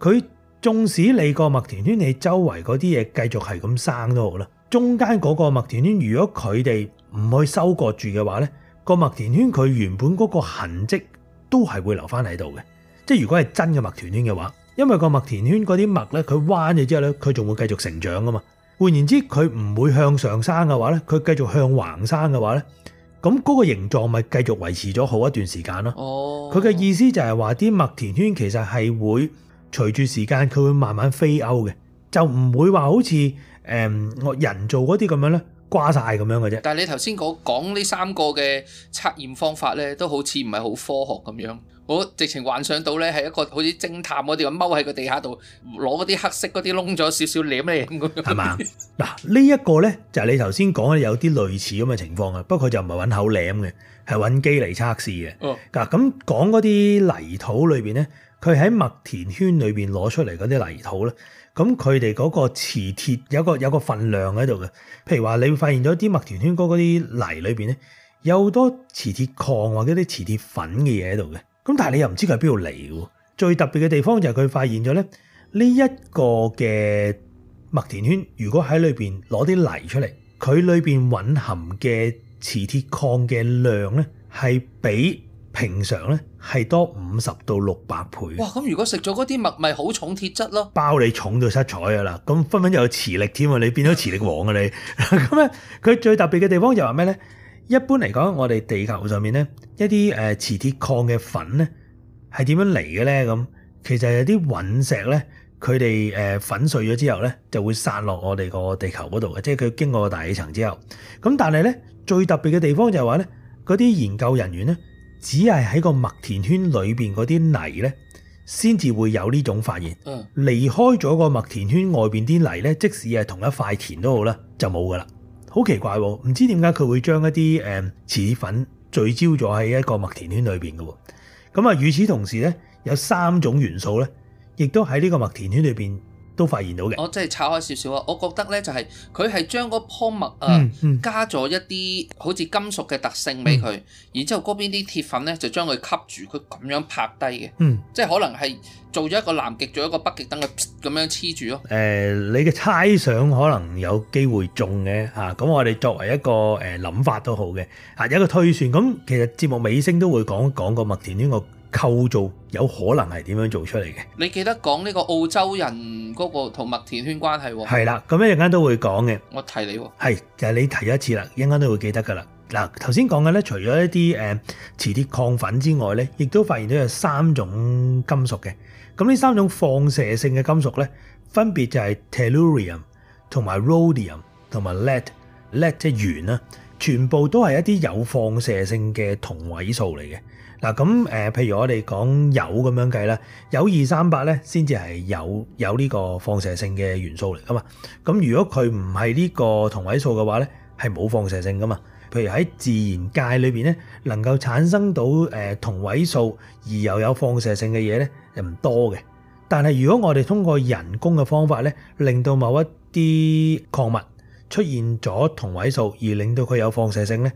佢縱使你個麥田圈你周圍嗰啲嘢繼續係咁生都好啦，中間嗰個麥田圈如果佢哋唔去收割住嘅話，呢個麥田圈佢原本嗰個痕跡都係會留翻喺度嘅。即係如果係真嘅麥田圈嘅話，因為個麥田圈嗰啲麥呢，佢彎咗之後呢，佢仲會繼續成長噶嘛。換言之，佢唔會向上生嘅話呢，佢繼續向橫生嘅話呢，咁嗰個形狀咪繼續維持咗好一段時間咯。佢嘅、oh. 意思就係話啲麥田圈其實係會隨住時間，佢會慢慢飛歐嘅，就唔會話好似誒我人做嗰啲咁樣呢。瓜晒咁樣嘅啫。但係你頭先講講呢三個嘅測驗方法咧，都好似唔係好科學咁樣。我直情幻想到咧係一個好似偵探嗰啲咁踎喺個地下度攞嗰啲黑色嗰啲窿咗少少舐咧，係嘛嗎？嗱， 呢一個咧就係你頭先講嘅有啲類似咁嘅情況啊。不過佢就唔係揾口舐嘅，係揾機嚟測試嘅。哦。嗱，咁講嗰啲泥土裏邊咧，佢喺麥田圈裏邊攞出嚟嗰啲泥土咧。咁佢哋嗰個磁鐵有個有個份量喺度嘅，譬如話你會發現咗啲麥田圈嗰啲泥裏面咧，有好多磁鐵礦或者啲磁鐵粉嘅嘢喺度嘅。咁但係你又唔知佢喺邊度嚟嘅。最特別嘅地方就係佢發現咗咧，呢一個嘅麥田圈，如果喺裏面攞啲泥出嚟，佢裏面蘊含嘅磁鐵礦嘅量咧，係比平常咧係多五十到六百倍。哇！咁如果食咗嗰啲麥咪好重鐵質咯，包你重到七彩噶啦。咁分分有磁力添啊！你變咗磁力王啊！你咁咧，佢 最特別嘅地方就係咩咧？一般嚟講，我哋地球上面咧一啲誒磁鐵礦嘅粉咧係點樣嚟嘅咧？咁其實有啲隕石咧，佢哋誒粉碎咗之後咧就會散落我哋個地球嗰度嘅，即係佢經過大氣層之後。咁但係咧最特別嘅地方就係話咧嗰啲研究人員咧。只係喺個麥田圈裏面嗰啲泥咧，先至會有呢種發現。離開咗個麥田圈外面啲泥咧，即使係同一塊田都好啦，就冇噶啦。好奇怪喎，唔知點解佢會將一啲誒磁粉聚焦咗喺一個麥田圈裏面嘅喎。咁啊，與此同時咧，有三種元素咧，亦都喺呢個麥田圈裏面。都發現到嘅，我真係拆開少少啊！我覺得咧就係佢係將嗰樖麥啊加咗一啲好似金屬嘅特性俾佢，然之後嗰邊啲鐵粉咧就將佢吸住，佢咁樣拍低嘅，嗯，即係可能係做咗一個南極做一個北極燈嘅咁樣黐住咯。誒，你嘅猜想可能有機會中嘅嚇，咁我哋作為一個誒諗法都好嘅嚇，有一個推算咁，其實節目尾聲都會講一講個麥田圈個構造有可能係點樣做出嚟嘅？你記得講呢個澳洲人嗰個同麥田圈關係喎、哦？係啦，咁一陣間都會講嘅。我提你喎、哦，係就係、是、你提咗一次啦，一陣間都會記得噶啦。嗱，頭先講嘅咧，除咗一啲誒磁鐵礦粉之外咧，亦都發現到有三種金屬嘅。咁呢三種放射性嘅金屬咧，分別就係 tellurium 同埋 rhodium 同埋 lead，lead 即係鉛啦，全部都係一啲有放射性嘅同位素嚟嘅。嗱咁誒，譬如我哋講有咁樣計啦，有二三八咧先至係有有呢個放射性嘅元素嚟噶嘛。咁如果佢唔係呢個同位素嘅話咧，係冇放射性噶嘛。譬如喺自然界裏邊咧，能夠產生到誒同位素而又有放射性嘅嘢咧，又唔多嘅。但係如果我哋通過人工嘅方法咧，令到某一啲礦物出現咗同位素而令到佢有放射性咧，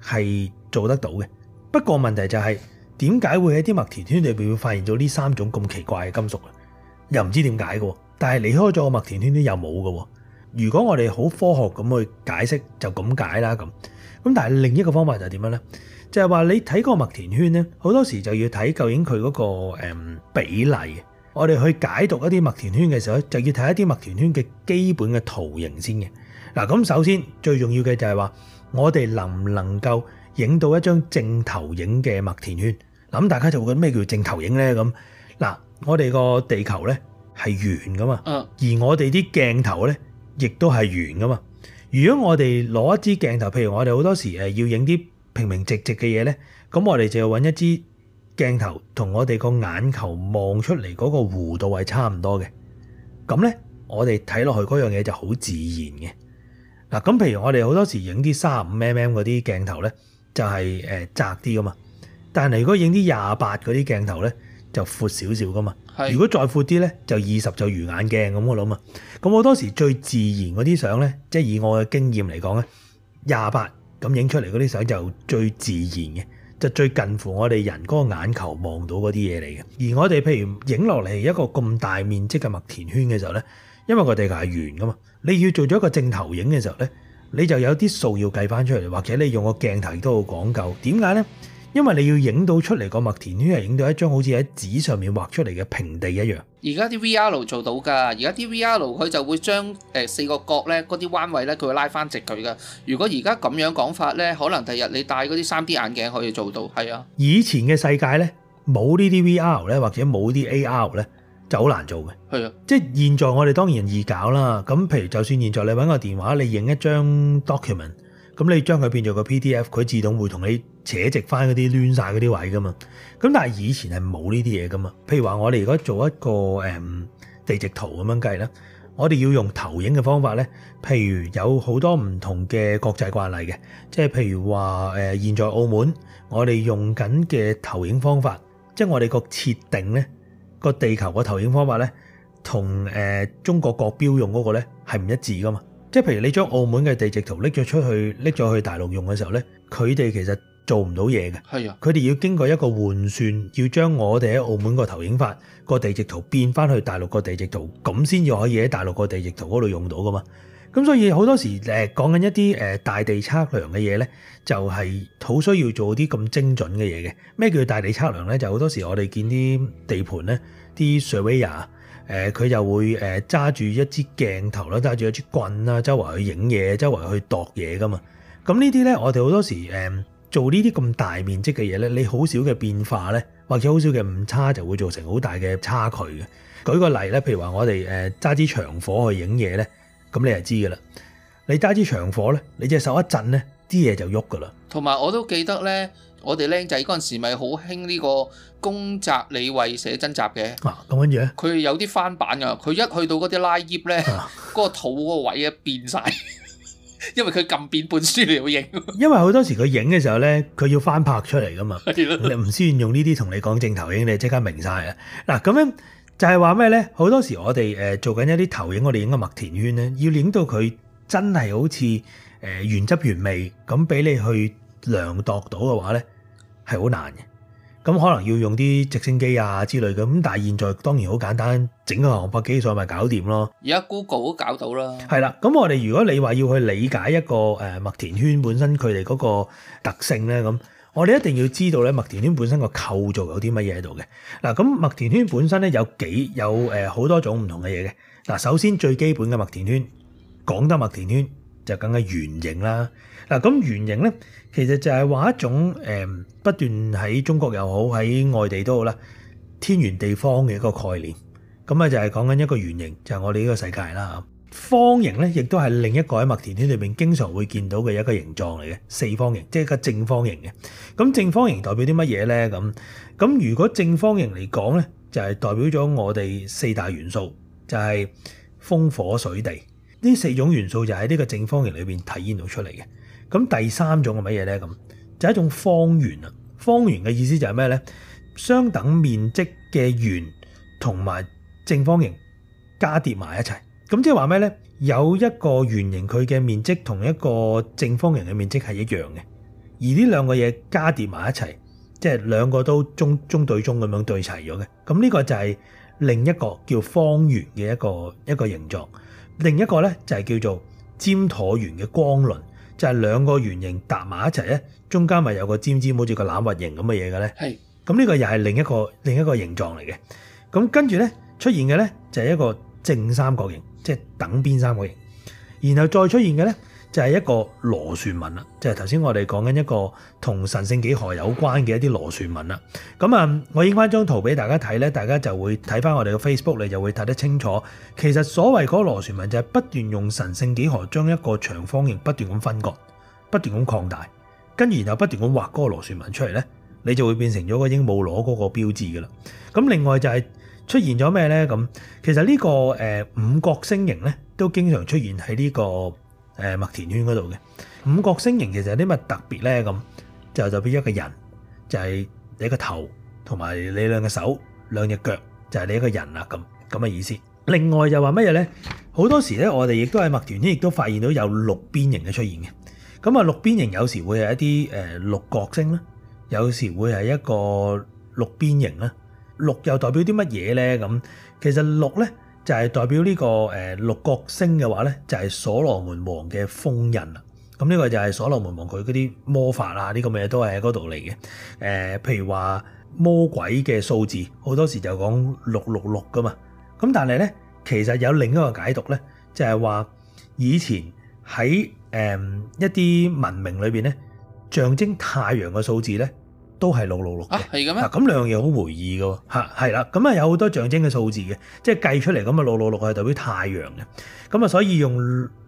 係做得到嘅。不過問題就係點解會喺啲麥田圈裏邊會發現到呢三種咁奇怪嘅金屬啊？又唔知點解嘅，但係離開咗個麥田圈都又冇嘅。如果我哋好科學咁去解釋，就咁解啦咁。咁但係另一個方法就係點樣呢？就係話你睇個麥田圈呢，好多時就要睇究竟佢嗰個誒比例。我哋去解讀一啲麥田圈嘅時候，就要睇一啲麥田圈嘅基本嘅圖形先嘅。嗱咁首先最重要嘅就係話，我哋能唔能夠？影到一張正投影嘅麥田圈。咁，大家就會問咩叫正投影呢？咁嗱，我哋個地球呢係圓噶嘛，而我哋啲鏡頭呢亦都係圓噶嘛。如果我哋攞一支鏡頭，譬如我哋好多時誒要影啲平平直直嘅嘢呢，咁我哋就要揾一支鏡頭同我哋個眼球望出嚟嗰個弧度係差唔多嘅。咁呢，我哋睇落去嗰樣嘢就好自然嘅。嗱咁，譬如我哋好多時影啲三十五 mm 嗰啲鏡頭呢。就係、是、誒、呃、窄啲噶嘛，但係如果影啲廿八嗰啲鏡頭咧，就闊少少噶嘛。的如果再闊啲咧，就二十就魚眼鏡咁嘅咯嘛。我諗啊，咁我當時最自然嗰啲相咧，即係以我嘅經驗嚟講咧，廿八咁影出嚟嗰啲相就最自然嘅，就最近乎我哋人嗰個眼球望到嗰啲嘢嚟嘅。而我哋譬如影落嚟一個咁大面積嘅麥田圈嘅時候咧，因為個地球係圓噶嘛，你要做咗一個正投影嘅時候咧。你就有啲數要計翻出嚟，或者你用個鏡頭都好講究。點解呢？因為你要影到出嚟個麥田圈，係影到一張好似喺紙上面畫出嚟嘅平地一樣。而家啲 VR 做到㗎，而家啲 VR 佢就會將四個角咧，嗰啲彎位咧，佢會拉翻直佢㗎。如果而家咁樣講法呢，可能第日你戴嗰啲 3D 眼鏡可以做到。係啊，以前嘅世界呢，冇呢啲 VR 呢，或者冇啲 AR 呢。就好難做嘅，係啊！即係現在我哋當然易搞啦。咁譬如就算現在你揾個電話，你影一張 document，咁你將佢變做個 PDF，佢自動會同你扯直翻嗰啲攣晒嗰啲位噶嘛。咁但係以前係冇呢啲嘢噶嘛。譬如話我哋如果做一個誒、嗯、地籍圖咁樣計啦，我哋要用投影嘅方法呢，譬如有好多唔同嘅國際慣例嘅，即係譬如話、呃、現在澳門我哋用緊嘅投影方法，即係我哋個設定呢。個地球個投影方法咧，同誒中國國標用嗰個咧係唔一致噶嘛？即係譬如你將澳門嘅地籍圖拎咗出去，拎咗去大陸用嘅時候咧，佢哋其實做唔到嘢嘅。係啊，佢哋要經過一個換算，要將我哋喺澳門個投影法個地籍圖變翻去大陸個地籍圖，咁先至可以喺大陸個地籍圖嗰度用到噶嘛。咁所以好多時誒講緊一啲誒大地測量嘅嘢咧，就係好需要做啲咁精準嘅嘢嘅。咩叫大地測量咧？就好多時我哋見啲地盤咧，啲 surveyor 佢就會誒揸住一支鏡頭啦，揸住一支棍啦，周圍去影嘢，周圍去度嘢㗎嘛。咁呢啲咧，我哋好多時誒做呢啲咁大面積嘅嘢咧，你好少嘅變化咧，或者好少嘅誤差就會造成好大嘅差距嘅。舉個例咧，譬如話我哋誒揸支長火去影嘢咧。咁你就知噶啦，你揸支長火咧，你隻手一震咧，啲嘢就喐噶啦。同埋我都記得咧，我哋僆仔嗰陣時咪好興呢個宮澤理惠寫真集嘅。啊，咁跟住咧，佢有啲翻版噶，佢一去到嗰啲拉頁咧，嗰、啊、個肚嗰個位啊，變晒，因為佢撳扁本書嚟影。因為好多時佢影嘅時候咧，佢要翻拍出嚟噶嘛，是的 你唔需要用呢啲同你講正頭影，你即刻明晒啊！嗱，咁樣。就係話咩咧？好多時我哋誒做緊一啲投影，我哋影個麥田圈咧，要影到佢真係好似誒原汁原味咁，俾你去量度到嘅話咧，係好難嘅。咁可能要用啲直升機啊之類嘅。咁但係現在當然好簡單，整個航拍機上咪搞掂咯。而家 Google 都搞到啦。係啦，咁我哋如果你話要去理解一個誒麥田圈本身佢哋嗰個特性咧，咁。我哋一定要知道咧，麥田圈本身個構造有啲乜嘢喺度嘅嗱。咁麥田圈本身咧，有幾有誒好多種唔同嘅嘢嘅嗱。首先最基本嘅麥田圈講得麥田圈，就梗係圓形啦嗱。咁圓形咧，其實就係話一種誒不斷喺中國又好，喺外地都好啦，天圓地方嘅一個概念咁啊，就係講緊一個圓形就係我哋呢個世界啦。方形咧，亦都係另一個喺麥田圈裏面經常會見到嘅一個形狀嚟嘅四方形，即係一個正方形嘅。咁正方形代表啲乜嘢咧？咁咁如果正方形嚟講咧，就係代表咗我哋四大元素，就係風火水地呢四種元素就喺呢個正方形裏面體現到出嚟嘅。咁第三種係乜嘢咧？咁就一種方圓啊！方圓嘅意思就係咩咧？相等面積嘅圓同埋正方形加疊埋一齊。咁即係話咩咧？有一個圓形，佢嘅面積同一個正方形嘅面積係一樣嘅。而呢兩個嘢加疊埋一齊，即係兩個都中中對中咁樣對齊咗嘅。咁呢個就係另一個叫方圓嘅一個一個形狀。另一個咧就係、是、叫做尖橢圓嘅光輪，就係、是、兩個圓形搭埋一齊咧，中間咪有個尖尖，好似個欖核形咁嘅嘢嘅咧。係是。咁呢個又係另一個另一個形狀嚟嘅。咁跟住咧出現嘅咧就係、是、一個正三角形。即係等邊三個形，然後再出現嘅呢，就係一個螺旋紋啦，即係頭先我哋講緊一個同神聖幾何有關嘅一啲螺旋紋啦。咁啊，我影翻張圖俾大家睇呢，大家就會睇翻我哋嘅 Facebook，你就會睇得清楚。其實所謂嗰螺旋紋就係不斷用神聖幾何將一個長方形不斷咁分割，不斷咁擴大，跟住然後不斷咁畫嗰個螺旋紋出嚟呢，你就會變成咗個鸚鵡螺嗰個標誌噶啦。咁另外就係、是。出現咗咩咧？咁其實呢個誒五角星形咧，都經常出現喺呢個誒麥田圈嗰度嘅。五角星形其實有啲乜特別咧？咁就就變咗個人，就係你個頭同埋你兩個手兩隻腳，就係你一個人啊咁咁嘅意思。另外就話乜嘢咧？好多時咧，我哋亦都喺麥田圈亦都發現到有六邊形嘅出現嘅。咁啊，六邊形有時會係一啲誒六角星啦，有時會係一個六邊形啦。六又代表啲乜嘢咧？咁其實六咧就係代表呢個誒六角星嘅話咧，就係所羅門王嘅封印啦。咁呢個就係所羅門王佢嗰啲魔法啊，呢個嘢都係喺嗰度嚟嘅。誒，譬如話魔鬼嘅數字，好多時就講六六六噶嘛。咁但係咧，其實有另一個解讀咧，就係話以前喺誒一啲文明裏邊咧，象徵太陽嘅數字咧。都係六六六啊，咁嗱，咁兩樣嘢好回憶㗎喎，係啦。咁啊，有好多象徵嘅數字嘅，即係計出嚟咁啊，六六六係代表太陽嘅。咁啊，所以用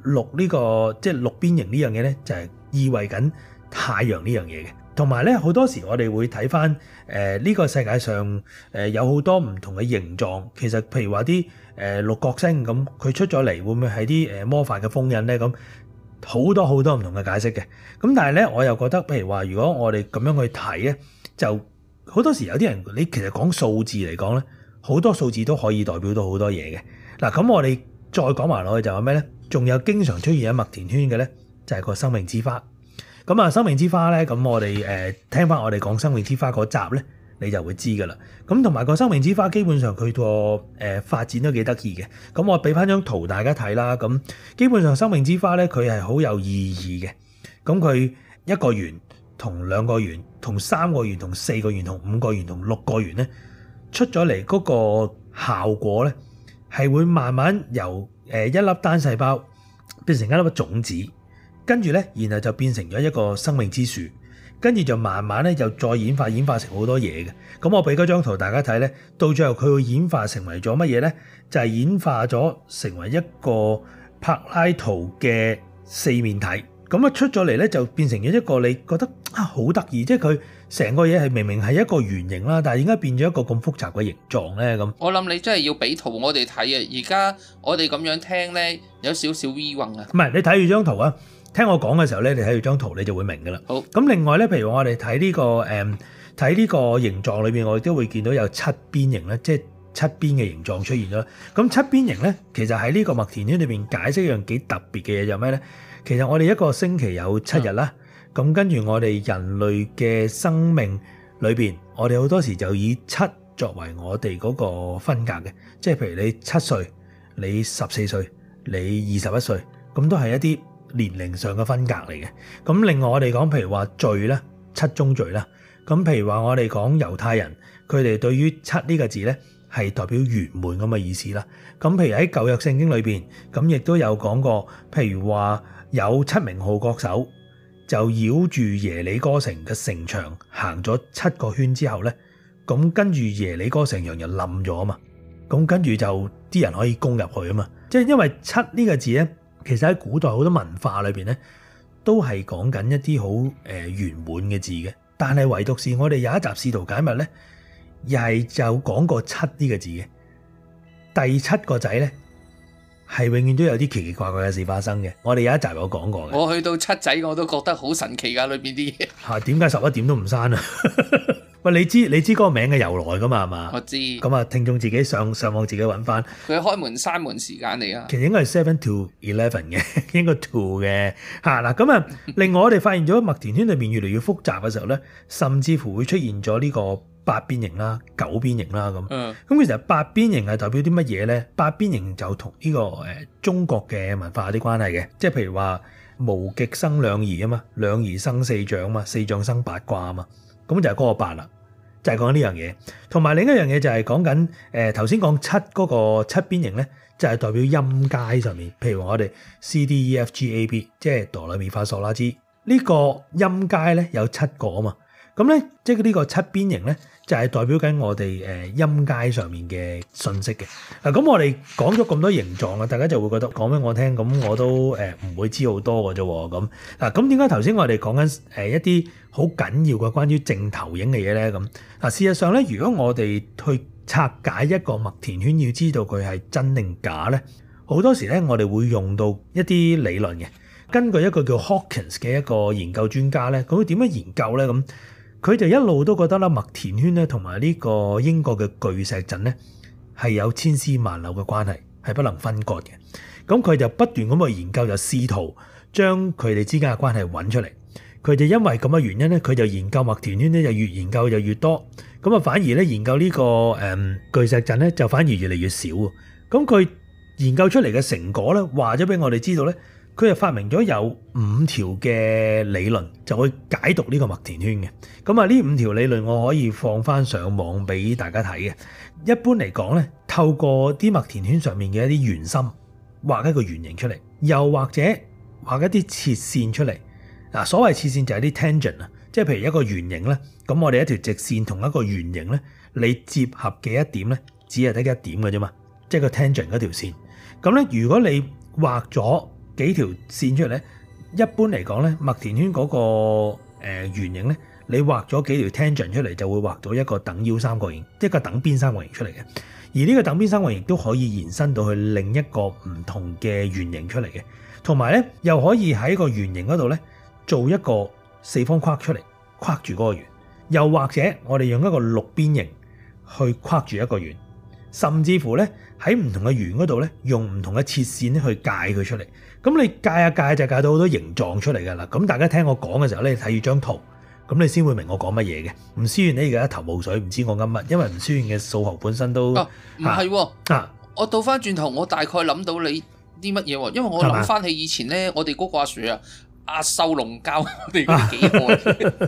六呢個即係六邊形呢樣嘢咧，就係意味緊太陽呢樣嘢嘅。同埋咧，好多時我哋會睇翻誒呢個世界上有好多唔同嘅形狀，其實譬如話啲誒六角星咁，佢出咗嚟會唔會係啲誒魔法嘅封印咧咁？好多好多唔同嘅解釋嘅，咁但係咧，我又覺得，譬如話，如果我哋咁樣去睇咧，就好多時有啲人，你其實講數字嚟講咧，好多數字都可以代表到好多嘢嘅。嗱，咁我哋再講埋落去就係咩咧？仲有經常出現喺麥田圈嘅咧，就係個生命之花。咁啊，生命之花咧，咁我哋誒聽翻我哋講生命之花嗰集咧。你就會知㗎啦。咁同埋個生命之花基本上佢個誒發展都幾得意嘅。咁我俾翻張圖大家睇啦。咁基本上生命之花咧，佢係好有意義嘅。咁佢一個圓同兩個圓同三個圓同四個圓同五個圓同六個圓咧，出咗嚟嗰個效果咧，係會慢慢由一粒單細胞變成一粒種子，跟住咧然後就變成咗一個生命之樹。跟住就慢慢咧，就再演化演化成好多嘢嘅。咁我俾嗰張圖大家睇咧，到最後佢會演化成為咗乜嘢咧？就係演化咗成為一個柏拉圖嘅四面體。咁啊出咗嚟咧，就變成咗一個你覺得啊好得意，即係佢成個嘢係明明係一個圓形啦，但係點解變咗一個咁複雜嘅形狀咧？咁我諗你真係要俾圖我哋睇啊！而家我哋咁樣聽咧，有少少 v 啊！唔係你睇住張圖啊！聽我講嘅時候咧，你睇住張圖，你就會明㗎喇。好咁，另外咧，譬如話我哋睇呢個誒，睇呢個形狀裏邊，我亦都會見到有七邊形咧，即係七邊嘅形狀出現咗。咁七邊形咧，其實喺呢個麥田圈裏邊解釋一樣幾特別嘅嘢就係咩咧？其實我哋一個星期有七日啦，咁跟住我哋人類嘅生命裏邊，我哋好多時就以七作為我哋嗰個分隔嘅，即係譬如你七歲，你十四歲，你二十一歲，咁都係一啲。年齡上嘅分隔嚟嘅，咁另外我哋講，譬如話罪咧，七宗罪啦，咁譬如話我哋講猶太人，佢哋對於七呢個字咧，係代表完滿咁嘅意思啦。咁譬如喺舊約聖經裏面，咁亦都有講過，譬如話有七名號角手就繞住耶利哥城嘅城牆行咗七個圈之後咧，咁跟住耶利哥城讓人冧咗啊嘛，咁跟住就啲人可以攻入去啊嘛，即係因為七呢個字咧。其實喺古代好多文化裏邊咧，都係講緊一啲好誒圓滿嘅字嘅。但係唯獨是我哋有一集試圖解密咧，又係就講過七呢個字嘅。第七個仔咧，係永遠都有啲奇奇怪怪嘅事發生嘅。我哋有一集有講過嘅，我去到七仔我都覺得好神奇㗎，裏邊啲嘢。係點解十一點都唔刪啊？ 喂，你知你知嗰個名嘅由來噶嘛？係嘛？我知。咁啊，聽眾自己上上網自己揾翻。佢開門閂門時間嚟啊！其實應該係 seven to eleven 嘅，應該 two 嘅吓，啦。咁啊，另外我哋發現咗麥田圈裏面越嚟越複雜嘅時候咧， 甚至乎會出現咗呢個八邊形啦、九邊形啦咁。咁、嗯、其實八邊形係代表啲乜嘢咧？八邊形就同呢、呢個、呃、中國嘅文化有啲關係嘅，即係譬如話無極生兩儀啊嘛，兩儀生四象嘛，四象生八卦啊嘛。咁就係嗰個八啦，就係講緊呢樣嘢。同埋另一樣嘢就係講緊誒，頭先講七嗰個七邊形咧，就係、是、代表音階上面。譬如話我哋 C、D、E、F、G、A、B，即係哆唻咪發索啦支。呢、這個音階咧有七個啊嘛。咁咧即係呢個七邊形咧。就係代表緊我哋誒音階上面嘅信息嘅。啊，咁我哋講咗咁多形狀啊，大家就會覺得講俾我聽，咁我都誒唔會知好多嘅啫。咁嗱，咁點解頭先我哋講緊誒一啲好緊要嘅關於正投影嘅嘢咧？咁嗱，事實上咧，如果我哋去拆解一個麥田圈，要知道佢係真定假咧，好多時咧，我哋會用到一啲理論嘅。根據一個叫 Hawkins 嘅一個研究專家咧，佢會點樣研究咧？咁佢就一路都覺得啦，麥田圈咧同埋呢個英國嘅巨石陣咧係有千絲萬縷嘅關係，係不能分割嘅。咁佢就不斷咁去研究，就試圖將佢哋之間嘅關係揾出嚟。佢就因為咁嘅原因咧，佢就研究麥田圈咧，就越研究就越多。咁啊，反而咧研究呢個誒巨石陣咧，就反而越嚟越少。咁佢研究出嚟嘅成果咧，話咗俾我哋知道咧。佢就發明咗有五條嘅理論，就會解讀呢個麥田圈嘅。咁啊，呢五條理論我可以放翻上網俾大家睇嘅。一般嚟講呢，透過啲麥田圈上面嘅一啲圓心畫一個圓形出嚟，又或者畫一啲切線出嚟。嗱，所謂切線就係啲 tangent 啊，即係譬如一個圓形呢。咁我哋一條直線同一個圓形呢，你接合嘅一點呢，只係得一點嘅啫嘛，即係個 tangent 嗰條線。咁呢，如果你畫咗幾條線出嚟咧，一般嚟講咧，麥田圈嗰個誒圓形咧，你畫咗幾條 tangent 出嚟，就會畫到一個等腰三角形，一個等邊三角形出嚟嘅。而呢個等邊三角形都可以延伸到去另一個唔同嘅圓形出嚟嘅，同埋咧，又可以喺個圓形嗰度咧，做一個四方框出嚟，框住嗰個圓。又或者我哋用一個六邊形去框住一個圓，甚至乎咧喺唔同嘅圓嗰度咧，用唔同嘅切線去界佢出嚟。咁你介一介就介到好多形狀出嚟噶啦，咁大家聽我講嘅時候咧，你睇住張圖，咁你先會明我講乜嘢嘅。吳思遠，你而家一頭霧水，唔知我噏乜，因為吳思遠嘅數學本身都，唔係、啊，喎、啊。啊、我倒翻轉頭，我大概諗到你啲乜嘢，因為我諗翻起以前咧，是是我哋國畫書啊。阿、啊、秀龍膠我哋幾耐，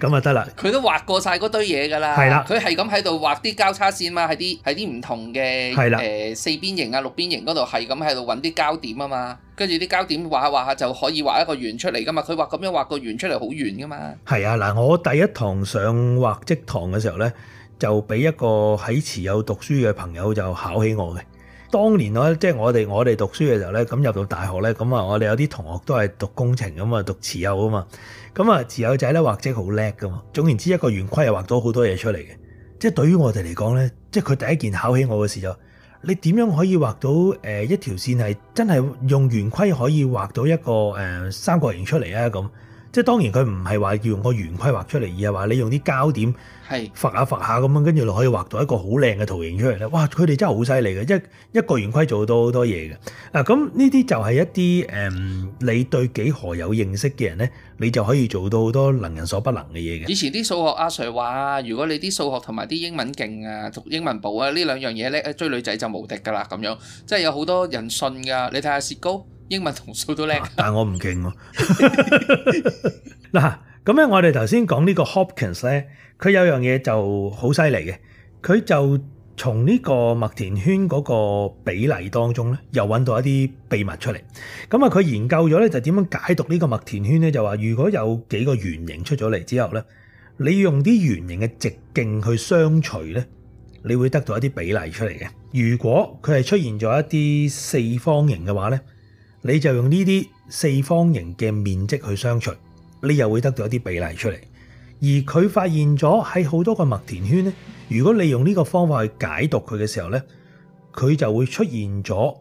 咁啊得啦。佢 都畫過晒嗰堆嘢㗎啦。係啦的，佢係咁喺度畫啲交叉線嘛，喺啲喺啲唔同嘅誒的、呃、四邊形啊、六邊形嗰度係咁喺度揾啲交點啊嘛，跟住啲交點畫下畫下就可以畫一個圓出嚟㗎嘛。佢畫咁樣畫個圓出嚟好圓㗎嘛。係啊，嗱，我第一堂上畫積堂嘅時候咧，就俾一個喺持有讀書嘅朋友就考起我嘅。當年我即係我哋我哋讀書嘅時候咧，咁入到大學咧，咁啊我哋有啲同學都係讀工程咁啊讀慈幼啊嘛，咁啊慈幼仔咧畫則好叻噶嘛。總言之，一個圓規又畫咗好多嘢出嚟嘅。即係對於我哋嚟講咧，即係佢第一件考起我嘅事，你點樣可以畫到誒一條線係真係用圓規可以畫到一個誒三角形出嚟呢？咁？即係當然佢唔係話要用個圓規畫出嚟，而係話你用啲膠點，係畫下畫下咁樣，跟住就可以畫到一個好靚嘅圖形出嚟咧。哇！佢哋真係好犀利嘅，一一個圓規做到好多嘢嘅。嗱咁呢啲就係一啲誒、嗯，你對幾何有認識嘅人咧，你就可以做到好多能人所不能嘅嘢嘅。以前啲數學阿、啊、Sir 話，如果你啲數學同埋啲英文勁啊，讀英文簿啊呢兩樣嘢呢，追女仔就無敵㗎啦咁樣。即係有好多人信㗎，你睇下雪糕。英文同數都叻，啊，但我唔勁喎。嗱，咁咧，我哋頭先講呢個 Hopkins 咧，佢有樣嘢就好犀利嘅，佢就從呢個麥田圈嗰個比例當中咧，又揾到一啲秘密出嚟。咁啊，佢研究咗咧，就點樣解讀呢個麥田圈咧？就話如果有幾個圓形出咗嚟之後咧，你用啲圓形嘅直徑去相除咧，你會得到一啲比例出嚟嘅。如果佢係出現咗一啲四方形嘅話咧，你就用呢啲四方形嘅面積去相除，你又會得到一啲比例出嚟。而佢發現咗係好多個麥田圈咧。如果你用呢個方法去解讀佢嘅時候咧，佢就會出現咗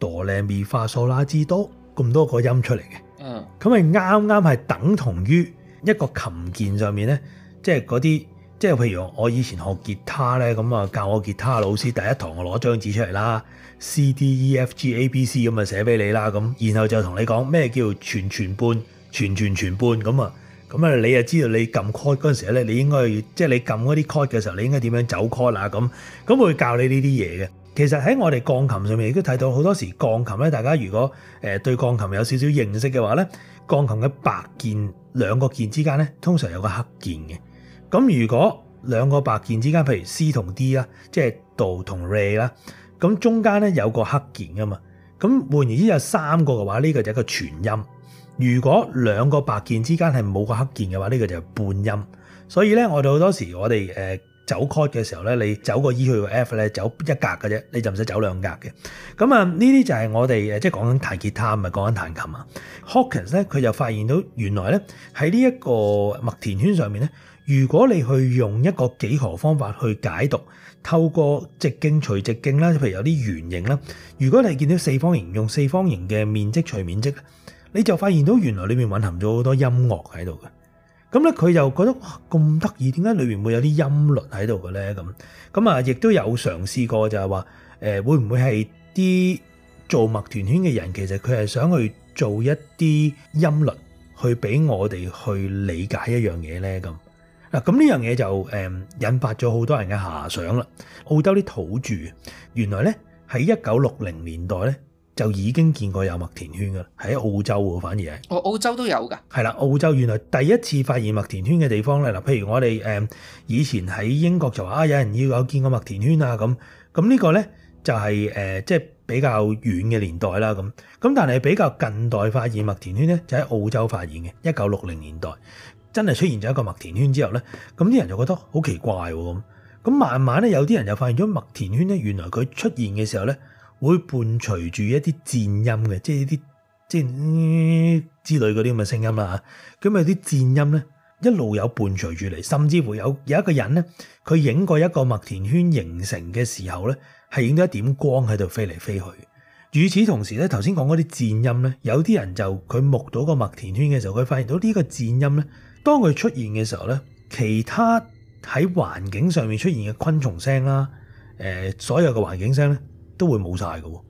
哆唻咪發嗦啦之多咁多個音出嚟嘅。嗯，咁係啱啱係等同於一個琴鍵上面咧，即係嗰啲即係譬如我以前學吉他咧，咁啊，教我吉他老師第一堂我攞張紙出嚟啦。C、D、E、F、G、A、B、C 咁啊，寫俾你啦。咁，然後就同你講咩叫全全半、全全全半咁啊。咁啊，你啊知道你撳 key 嗰陣時咧，你應該即係你撳嗰啲 key 嘅時候，你應該點樣走 key 咁，咁會教你呢啲嘢嘅。其實喺我哋鋼琴上面亦都睇到好多時，鋼琴咧，大家如果誒對鋼琴有少少認識嘅話咧，鋼琴嘅白鍵兩個鍵之間咧，通常有個黑鍵嘅。咁如果兩個白鍵之間，譬如 C 同 D 啊，即係 Do 同 Re 啦。咁中間咧，有個黑鍵噶嘛，咁換言之有三個嘅話，呢個就係一個全音；如果兩個白鍵之間係冇個黑鍵嘅話，呢個就係半音。所以咧，我哋好多時我哋誒走 key 嘅時候咧，你走個 E 去個 F 咧，走一格嘅啫，你就唔使走兩格嘅。咁啊，呢啲就係我哋誒即係講緊彈吉他，唔係講緊彈琴啊。Hawkins 咧，佢就發現到原來咧喺呢一個麥田圈上面咧，如果你去用一個幾何方法去解讀。透過直徑除直徑啦，譬如有啲圓形啦，如果你見到四方形，用四方形嘅面積除面積，你就發現到原來裏面隱含咗好多音樂喺度嘅。咁咧，佢就覺得哇，咁得意，點解裏面會有啲音律喺度嘅咧？咁咁啊，亦都有嘗試過，就係話誒，會唔會係啲做麥田圈嘅人，其實佢係想去做一啲音律，去俾我哋去理解一樣嘢咧？咁。嗱，咁呢樣嘢就誒引發咗好多人嘅遐想啦。澳洲啲土著原來咧，喺一九六零年代咧，就已經見過有麥田圈噶啦，喺澳洲喎反而。哦，澳洲都有噶。係啦，澳洲原來第一次發現麥田圈嘅地方咧，嗱，譬如我哋誒以前喺英國就話啊，有人要有見過麥田圈啊咁。咁呢個咧就係誒即係比較遠嘅年代啦咁。咁但係比較近代發現麥田圈咧，就喺澳洲發現嘅一九六零年代。真係出現咗一個麥田圈之後呢，咁啲人就覺得好奇怪喎咁。咁慢慢呢，有啲人就發現咗麥田圈呢，原來佢出現嘅時候呢，會伴隨住一啲顫音嘅，即係一啲即係、嗯、之類嗰啲咁嘅聲音啦。咁有啲顫音呢，一路有伴隨住嚟，甚至乎有有一個人呢，佢影過一個麥田圈形成嘅時候呢，係影到一點光喺度飛嚟飛去。與此同時呢，頭先講嗰啲顫音呢，有啲人就佢目睹個麥田圈嘅時候，佢發現到呢個顫音呢。當佢出現嘅時候呢，其他喺環境上面出現嘅昆蟲聲啦，誒、所有嘅環境聲呢，都會冇晒嘅喎。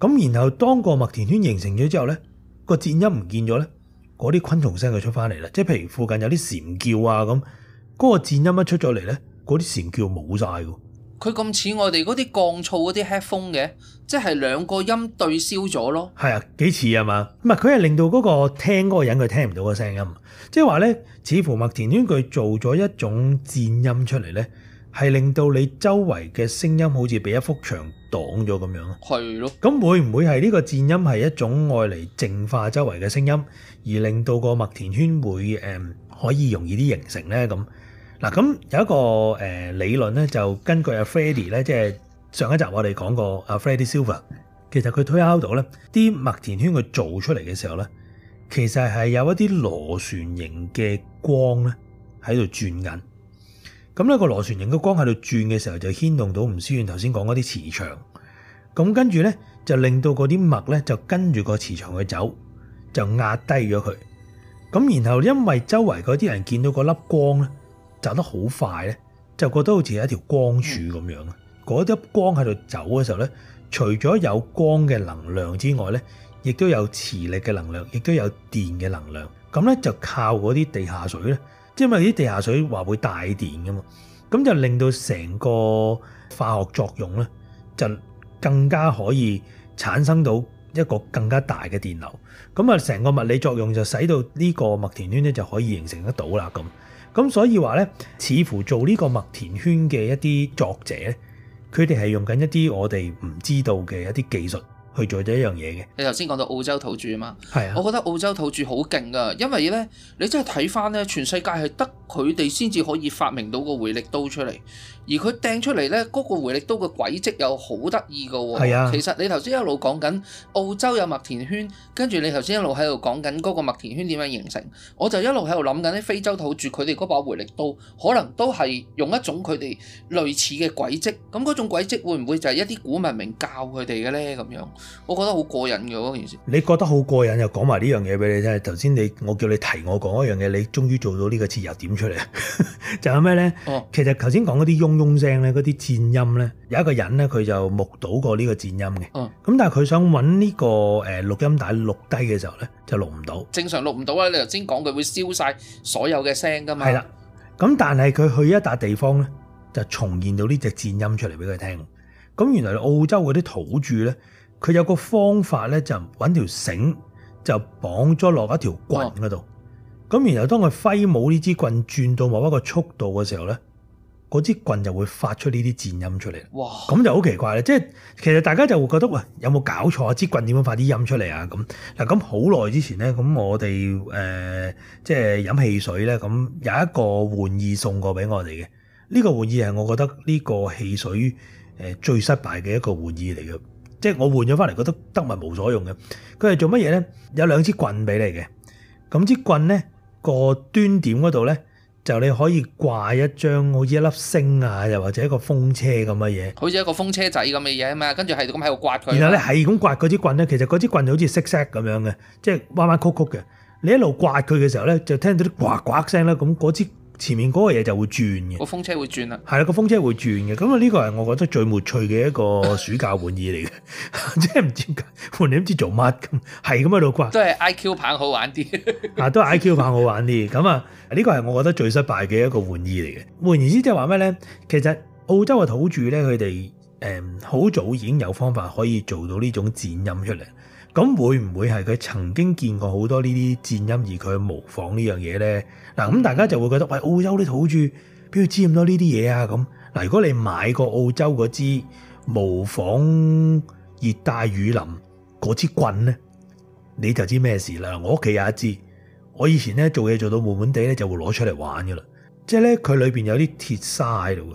咁然後當個麥田圈形成咗之後呢，個節音唔見咗呢，嗰啲昆蟲聲就出翻嚟啦。即係譬如附近有啲蟬叫啊咁，嗰、嗰個節音一出咗嚟呢，嗰啲蟬叫冇晒㗎。佢咁似我哋嗰啲降噪嗰啲 headphone 嘅，即係兩個音對消咗咯。係啊，幾似啊嘛？唔係佢係令到嗰個聽嗰個人佢聽唔到個聲音，即係話咧，似乎麥田圈佢做咗一種戰音出嚟咧，係令到你周圍嘅聲音好似俾一幅牆擋咗咁樣咯。係咯的，咁會唔會係呢個戰音係一種愛嚟淨化周圍嘅聲音，而令到個麥田圈會誒、嗯、可以容易啲形成咧咁？嗯嗱，咁有一個誒理論咧，就根據阿 Freddie 咧，即係上一集我哋講過阿 Freddie Silver，其實佢推敲到咧，啲麥田圈佢做出嚟嘅時候咧，其實係有一啲螺旋形嘅光咧喺度轉緊。咁呢個螺旋形嘅光喺度轉嘅時候，就牽動到吳思遠頭先講嗰啲磁場。咁跟住咧就令到嗰啲麥咧就跟住個磁場去走，就壓低咗佢。咁然後因為周圍嗰啲人見到嗰粒光咧。走得好快咧，就覺得好似一條光柱咁樣啊！嗰啲光喺度走嘅時候咧，除咗有光嘅能量之外咧，亦都有磁力嘅能量，亦都有電嘅能量。咁咧就靠嗰啲地下水咧，因為啲地下水話會帶電噶嘛，咁就令到成個化學作用咧，就更加可以產生到一個更加大嘅電流。咁啊，成個物理作用就使到呢個麥田圈咧就可以形成得到啦咁。咁所以話呢，似乎做呢個麥田圈嘅一啲作者呢，佢哋係用緊一啲我哋唔知道嘅一啲技術去做咗一樣嘢嘅。你頭先講到澳洲土著啊嘛，係啊，我覺得澳洲土著好勁噶，因為呢，你真係睇翻呢，全世界係得佢哋先至可以發明到個回力刀出嚟。而佢掟出嚟呢嗰個回力刀嘅軌跡又好得意噶喎。啊，是啊、其實你頭先一路講緊澳洲有麥田圈，跟住你頭先一路喺度講緊嗰個麥田圈點樣形成，我就一路喺度諗緊啲非洲土著佢哋嗰把回力刀，可能都係用一種佢哋類似嘅軌跡。咁嗰種軌跡會唔會就係一啲古文明教佢哋嘅呢？咁樣，我覺得好過癮㗎嗰件事。你覺得好過癮又講埋呢樣嘢俾你聽。頭先你我叫你提我講一樣嘢，你終於做到呢個切入點出嚟， 就係咩呢？嗯、其實頭先講嗰啲嗡嗡聲咧，嗰啲戰音咧，有一個人咧，佢就目睹過呢個戰音嘅。哦、嗯，咁但係佢想揾呢個誒錄音帶錄低嘅時候咧，就錄唔到。正常錄唔到啊！你頭先講佢會消晒所有嘅聲㗎嘛？係啦，咁但係佢去一笪地方咧，就重現到呢隻戰音出嚟俾佢聽。咁原來澳洲嗰啲土著咧，佢有個方法咧，就揾條繩就綁咗落一條棍嗰度。咁然後當佢揮舞呢支棍轉到某一個速度嘅時候咧。嗰支棍就會發出呢啲顫音出嚟，咁哇就好奇怪咧。即係其實大家就會覺得，喂、哎，有冇搞錯啊？支棍點樣發啲音出嚟啊？咁嗱，咁好耐之前咧，咁我哋誒、呃、即係飲汽水咧，咁有一個玩意送過俾我哋嘅。呢、這個玩意係我覺得呢個汽水最失敗嘅一個玩意嚟嘅，即係我換咗翻嚟覺得得物無所用嘅。佢係做乜嘢咧？有兩支棍俾你嘅，咁支棍咧個端點嗰度咧。就你可以掛一張好似一粒星啊，又或者一個風車咁嘅嘢，好似一個風車仔咁嘅嘢啊嘛，跟住係咁喺度刮佢。然後你係咁刮嗰支棍咧，其實嗰支棍就好似 S S 咁樣嘅，即係彎彎曲曲嘅。你一路刮佢嘅時候咧，就聽到啲呱呱聲啦。咁嗰支前面嗰個嘢就會轉嘅，個風車會轉啦。係啦，個風車會轉嘅。咁啊，呢個係我覺得最冇趣嘅一個暑假玩意嚟嘅， 即係唔知換你唔知做乜，係咁喺度刮。都係 I Q 棒好玩啲啊， 都係 I Q 棒好玩啲。咁啊～呢個係我覺得最失敗嘅一個玩意嚟嘅。換言之，即係話咩呢？其實澳洲嘅土著呢，佢哋誒好早已經有方法可以做到呢種顫音出嚟。咁會唔會係佢曾經見過好多呢啲顫音，而佢模仿呢樣嘢呢？嗱，咁大家就會覺得喂，澳洲啲土著邊度知咁多呢啲嘢啊？咁嗱，如果你買過澳洲嗰支模仿熱帶雨林嗰支棍呢，你就知咩事啦。我屋企有一支。我以前咧做嘢做到悶悶地咧，就會攞出嚟玩噶啦。即係咧佢裏邊有啲鐵砂喺度嘅。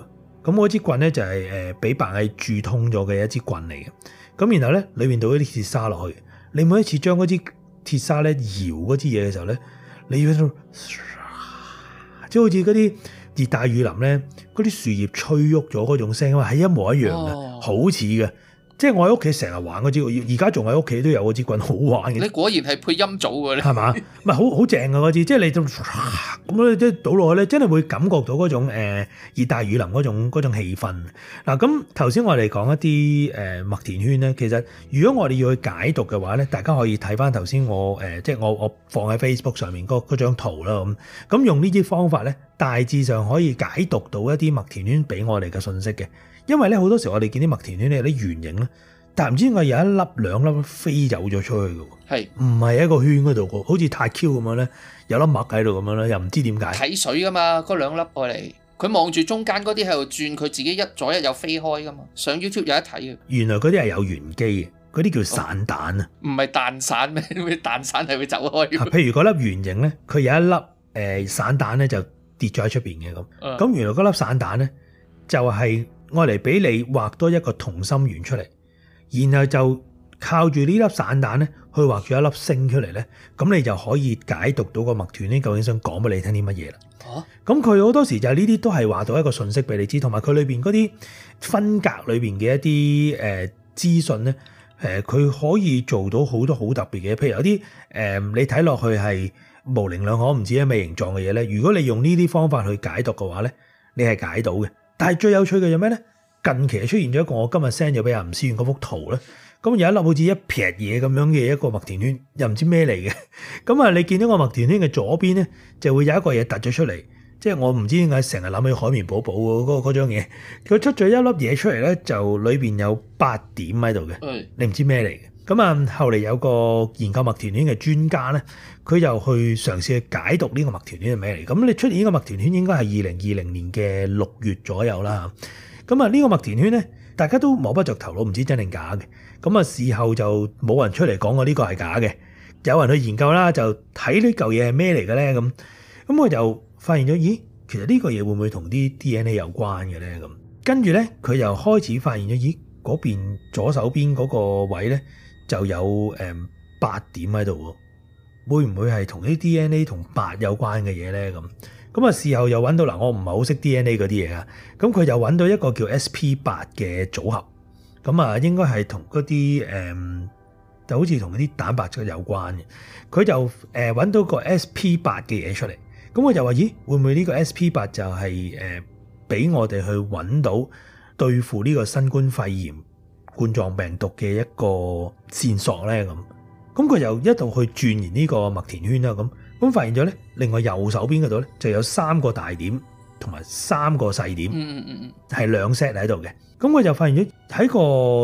咁我支棍咧就係誒俾白蟻蛀通咗嘅一支棍嚟嘅。咁然後咧裏邊倒一啲鐵砂落去，你每一次將嗰支鐵砂咧搖嗰支嘢嘅時候咧，你要即係好似嗰啲熱帶雨林咧嗰啲樹葉吹喐咗嗰種聲啊，係一模一樣嘅，好似嘅。即係我喺屋企成日玩嗰支，而家仲喺屋企都有嗰支棍好玩嘅。你果然係配音組嘅咧，係嘛吧？唔係好好正嘅嗰支，即係你就咁樣咧，即係倒落去咧，真係會感覺到嗰種誒熱帶雨林嗰種嗰種氣氛。嗱、啊，咁頭先我哋講一啲誒麥田圈咧，其實如果我哋要去解讀嘅話咧，大家可以睇翻頭先我誒、呃，即係我我放喺 Facebook 上面嗰嗰張圖啦咁。咁用呢啲方法咧，大致上可以解讀到一啲麥田圈俾我哋嘅信息嘅。因為咧好多時候我哋見啲麥田圈咧有啲圓形咧，但係唔知點解有一粒兩粒飛走咗出去嘅喎，係唔係一個圈嗰度好似太 Q 咁樣咧，有粒麥喺度咁樣咧，又唔知點解睇水㗎嘛？嗰兩粒過嚟，佢望住中間嗰啲喺度轉，佢自己一左一右飛開㗎嘛？上 YouTube 有一睇嘅，原來嗰啲係有玄機嘅，嗰啲叫散彈啊，唔係彈散咩？彈散係會走開、啊。譬如嗰粒圓形咧，佢有一粒誒、呃、散彈咧就跌咗喺出邊嘅咁，咁、嗯、原來嗰粒散彈咧就係、是。我嚟俾你畫多一個同心圓出嚟，然後就靠住呢粒散彈咧去畫住一粒星出嚟咧，咁你就可以解讀到個麥田圈咧究竟想講俾你聽啲乜嘢啦。嚇！咁佢好多時就係呢啲都係話到一個信息俾你知，同埋佢裏邊嗰啲分隔裏邊嘅一啲誒資訊咧，誒佢可以做到好多好特別嘅，譬如有啲誒你睇落去係模棱兩可唔知咩形狀嘅嘢咧，如果你用呢啲方法去解讀嘅話咧，你係解到嘅。但係最有趣嘅就咩咧？近期出現咗一個，我今日 send 咗俾阿吳思遠嗰幅圖咧。咁有一粒好似一撇嘢咁樣嘅一個麥田圈，又唔知咩嚟嘅。咁啊，你見到個麥田圈嘅左邊咧，就會有一個嘢凸咗出嚟。即係我唔知點解成日諗起海綿寶寶嗰嗰張嘢，佢出咗一粒嘢出嚟咧，就裏面有八點喺度嘅。你唔知咩嚟嘅？咁啊，後嚟有個研究麥田圈嘅專家咧，佢又去嘗試去解讀呢個麥田圈係咩嚟。咁你出現呢個麥田圈應該係二零二零年嘅六月左右啦。咁啊，呢個麥田圈咧，大家都摸不着頭腦，唔知真定假嘅。咁啊，事後就冇人出嚟講過呢個係假嘅。有人去研究啦，就睇呢嚿嘢係咩嚟嘅咧。咁咁我就發現咗，咦，其實呢個嘢會唔會同啲 DNA 有關嘅咧？咁跟住咧，佢又開始發現咗，咦，嗰邊左手邊嗰個位咧。就有誒八點喺度喎，會唔會係同啲 DNA 同八有關嘅嘢呢？咁咁啊，事後又揾到喇，我唔係好識 DNA 嗰啲嘢啊，咁佢又揾到一個叫 SP 八嘅組合，咁啊應該係同嗰啲誒就好似同嗰啲蛋白質有關嘅，佢就誒揾到個 SP 八嘅嘢出嚟，咁我就話咦，會唔會呢個 SP 八就係誒俾我哋去揾到對付呢個新冠肺炎？冠狀病毒嘅一個線索咧咁，咁佢又一度去鑽研呢個麥田圈啦咁，咁發現咗咧，另外右手邊嗰度咧就有三個大點同埋三個細點，嗯嗯嗯嗯，係兩 set 喺度嘅。咁佢就發現咗喺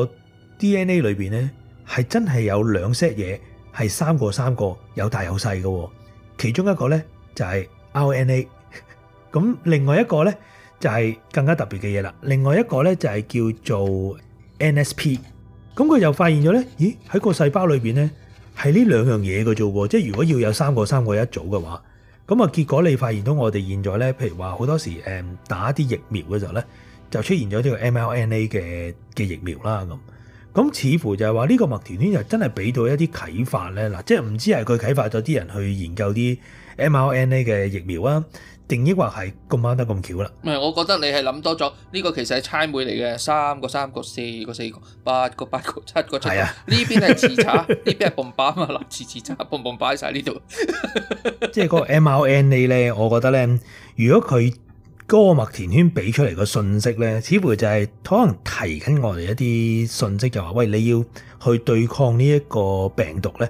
個 DNA 裏邊咧，係真係有兩 set 嘢，係三個三個有大有細嘅喎。其中一個咧就係 RNA，咁另外一個咧就係更加特別嘅嘢啦。另外一個咧就係叫做 N.S.P. 咁佢又發現咗咧，咦喺個細胞裏邊咧係呢兩樣嘢嘅啫喎，即係如果要有三個三個一組嘅話，咁啊結果你發現到我哋現在咧，譬如話好多時誒打啲疫苗嘅時候咧，就出現咗呢個 mRNA 嘅嘅疫苗啦咁，咁似乎就係話呢個麥田圈又真係俾到一啲啟發咧嗱，即係唔知係佢啟發咗啲人去研究啲 mRNA 嘅疫苗啊。定抑或係咁啱得咁巧啦。唔係，我覺得你係諗多咗。呢個其實係猜枚嚟嘅，三個三個，四個四個，八個八個，七個七個。係啊，呢邊係遲查，呢邊係崩板啊！遲遲查，崩崩擺曬呢度。即係嗰個 mRNA 咧，我覺得咧，如果佢嗰個麥田圈俾出嚟嘅信息咧，似乎就係可能提緊我哋一啲信息，就話喂，你要去對抗呢一個病毒咧，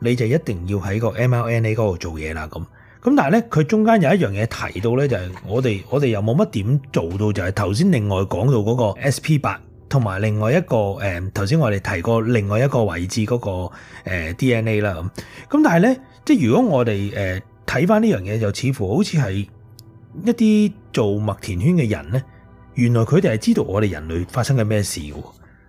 你就一定要喺個 mRNA 嗰度做嘢啦咁。咁但係咧，佢中間有一樣嘢提到咧，就係我哋我哋又冇乜點做到，就係頭先另外講到嗰個 SP 八，同埋另外一個誒頭先我哋提過另外一個位置嗰個 DNA 啦。咁咁但係咧，即係如果我哋睇翻呢樣嘢，就似乎好似係一啲做麥田圈嘅人咧，原來佢哋係知道我哋人類發生緊咩事喎，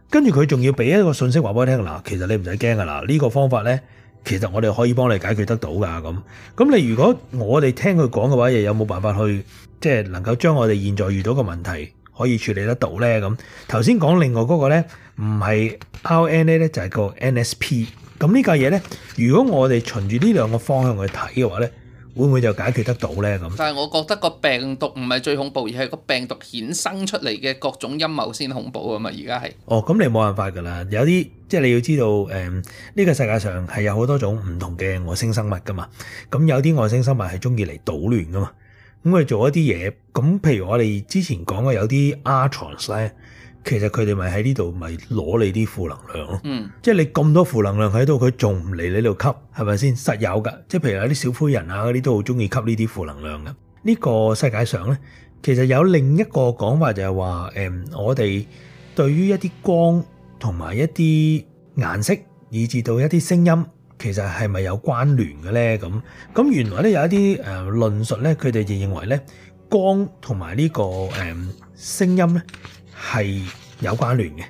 跟住佢仲要俾一個信息話俾我聽，嗱其實你唔使驚噶啦，呢、這個方法咧。其實我哋可以幫你解決得到㗎。咁，咁你如果我哋聽佢講嘅話，又有冇辦法去即係能夠將我哋現在遇到嘅問題可以處理得到呢？咁頭先講另外嗰個呢，唔係 RNA 呢，就係個 NSP。咁呢架嘢呢，如果我哋循住呢兩個方向去睇嘅話呢。會唔會就解決得到呢？咁，但係我覺得個病毒唔係最恐怖，而係個病毒衍生出嚟嘅各種陰謀先恐怖啊嘛！而家係，哦，咁你冇辦法㗎啦。有啲即係你要知道，誒、嗯，呢、這個世界上係有好多種唔同嘅外星生物㗎嘛。咁有啲外星生物係中意嚟搗亂㗎嘛。咁佢做一啲嘢，咁譬如我哋之前講嘅有啲阿蟲咧。其實佢哋咪喺呢度咪攞你啲負能量咯，嗯，即係你咁多負能量喺度，佢仲唔嚟你度吸係咪先？實有噶，即係譬如有啲小灰人啊嗰啲都好中意吸呢啲負能量㗎。呢個世界上咧，其實有另一個講法就係話誒，我哋對於一啲光同埋一啲顏色，以至到一啲聲音，其實係咪有關聯嘅咧？咁咁原來咧有一啲誒論述咧，佢哋就認為咧光同埋呢個誒聲音咧。係有關聯嘅，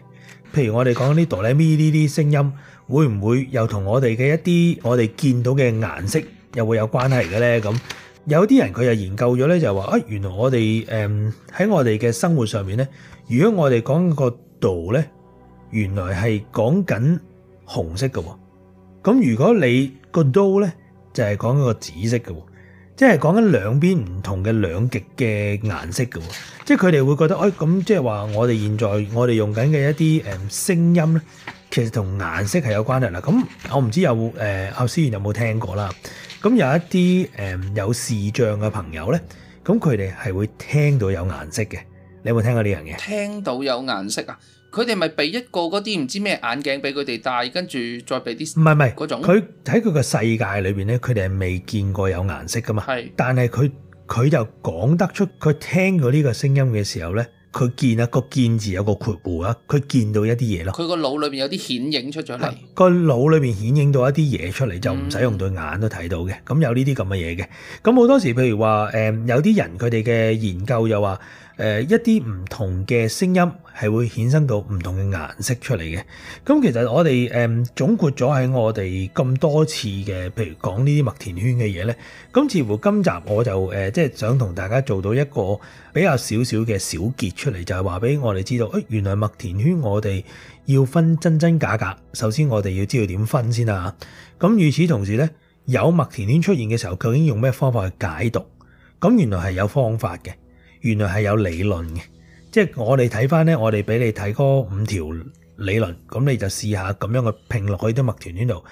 譬如我哋講呢度咧，咪呢啲聲音會唔會又同我哋嘅一啲我哋見到嘅顏色又會有關係嘅咧？咁有啲人佢又研究咗咧，就係話啊，原來我哋誒喺我哋嘅生活上面咧，如果我哋講個 do 咧，原來係講緊紅色嘅，咁如果你個 do 咧就係講個紫色嘅。即係講緊兩邊唔同嘅兩極嘅顏色嘅喎，即係佢哋會覺得，哎，咁即係話我哋現在我哋用緊嘅一啲誒聲音咧，其實同顏色係有關係啦。咁我唔知有誒阿思遠有冇聽過啦。咁有一啲誒、呃、有視障嘅朋友咧，咁佢哋係會聽到有顏色嘅。你有冇聽過呢樣嘢？聽到有顏色啊！佢哋咪俾一個嗰啲唔知咩眼鏡俾佢哋戴，跟住再俾啲唔係唔係嗰種。佢喺佢個世界裏邊咧，佢哋係未見過有顏色噶嘛。係，但係佢佢就講得出，佢聽過呢個聲音嘅時候咧，佢見一個見字有個括弧啊，佢見到一啲嘢咯。佢個腦裏邊有啲顯影出咗嚟，個腦裏邊顯影到一啲嘢出嚟，就唔使用對眼都睇到嘅。咁有呢啲咁嘅嘢嘅。咁好多時譬如話，誒有啲人佢哋嘅研究又話。誒一啲唔同嘅聲音係會衍生到唔同嘅顏色出嚟嘅，咁其實我哋誒總括咗喺我哋咁多次嘅，譬如講呢啲麥田圈嘅嘢咧，咁似乎今集我就即係想同大家做到一個比較少少嘅小結出嚟，就係話俾我哋知道，誒原來麥田圈我哋要分真真假假，首先我哋要知道點分先啦。咁與此同時咧，有麥田圈出現嘅時候，究竟用咩方法去解讀？咁原來係有方法嘅。原來係有理論嘅，即係我哋睇翻咧，我哋俾你睇嗰五條理論，咁你就試下咁樣嘅拼落去啲麥田圈度，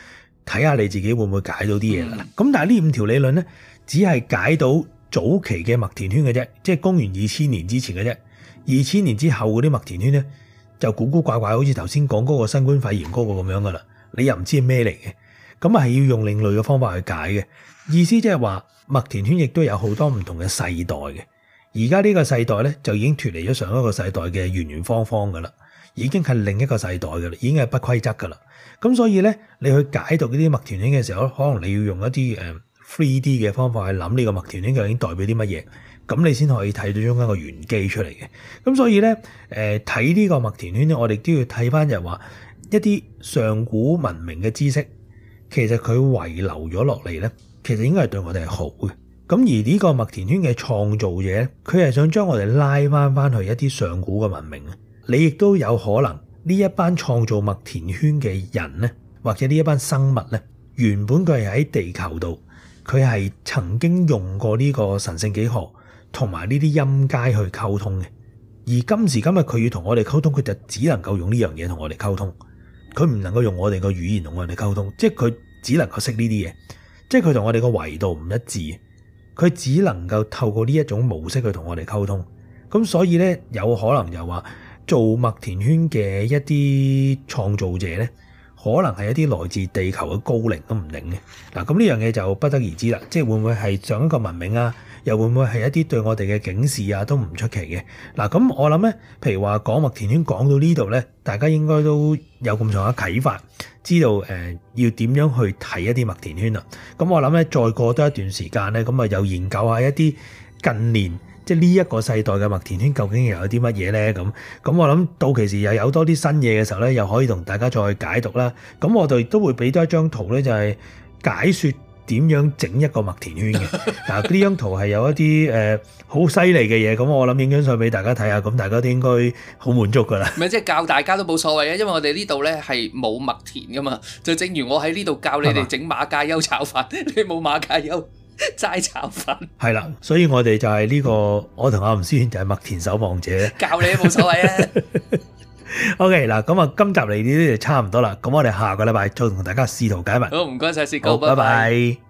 睇下你自己會唔會解到啲嘢啦。咁但係呢五條理論咧，只係解到早期嘅麥田圈嘅啫，即係公元二千年之前嘅啫。二千年之後嗰啲麥田圈咧，就古古怪怪，好似頭先講嗰個新冠肺炎嗰個咁樣噶啦。你又唔知係咩嚟嘅，咁啊係要用另類嘅方法去解嘅。意思即係話麥田圈亦都有好多唔同嘅世代嘅。而家呢個世代咧，就已經脫離咗上一個世代嘅圓圓方方噶啦，已經係另一個世代噶啦，已經係不規則噶啦。咁所以咧，你去解讀呢啲麥田圈嘅時候，可能你要用一啲誒 3D 嘅方法去諗呢個麥田圈究竟代表啲乜嘢，咁你先可以睇到中間個玄機出嚟嘅。咁所以咧，誒睇呢個麥田圈咧，我哋都要睇翻，就係話一啲上古文明嘅知識，其實佢遺留咗落嚟咧，其實應該係對我哋係好嘅。咁而呢個麥田圈嘅創造者，佢係想將我哋拉翻翻去一啲上古嘅文明啊！你亦都有可能呢一班創造麥田圈嘅人呢，或者呢一班生物呢，原本佢係喺地球度，佢係曾經用過呢個神聖幾何同埋呢啲音階去溝通嘅。而今時今日佢要同我哋溝通，佢就只能夠用呢樣嘢同我哋溝通，佢唔能夠用我哋嘅語言同我哋溝通，即係佢只能夠識呢啲嘢，即係佢同我哋嘅維度唔一致。佢只能夠透過呢一種模式去同我哋溝通，咁所以咧有可能又話做麥田圈嘅一啲創造者咧，可能係一啲來自地球嘅高齡都唔定嘅，嗱咁呢樣嘢就不得而知啦，即係會唔會係上一個文明啊，又會唔會係一啲對我哋嘅警示啊，都唔出奇嘅，嗱咁我諗咧，譬如話講麥田圈講到呢度咧，大家應該都有咁重嘅啟發知道誒要點樣去睇一啲麥田圈啦，咁我諗咧再過多一段時間咧，咁啊又研究一下一啲近年即係呢一個世代嘅麥田圈究竟又有啲乜嘢咧咁，咁我諗到期時又有多啲新嘢嘅時候咧，又可以同大家再去解讀啦，咁我哋都會俾多一張圖咧，就係解説點樣整一個麥田圈嘅？嗱、啊，呢張圖係有一啲誒好犀利嘅嘢，咁、 呃、我諗影張相俾大家睇下，咁大家都應該好滿足噶啦。唔係即係教大家都冇所謂啊，因為我哋呢度呢係冇麥田噶嘛，就正如我喺呢度教你哋整馬介休炒飯，嗎你冇馬介休齋炒飯。係啦，所以我哋就係呢、呢個，我同阿吳思遠就係麥田守望者，教你都冇所謂啊。 O.K. 嗱，咁啊，今集嚟呢啲就差唔多啦，咁我哋下個禮拜再同大家試圖解密。好，唔該晒先，哥好，拜拜。拜拜。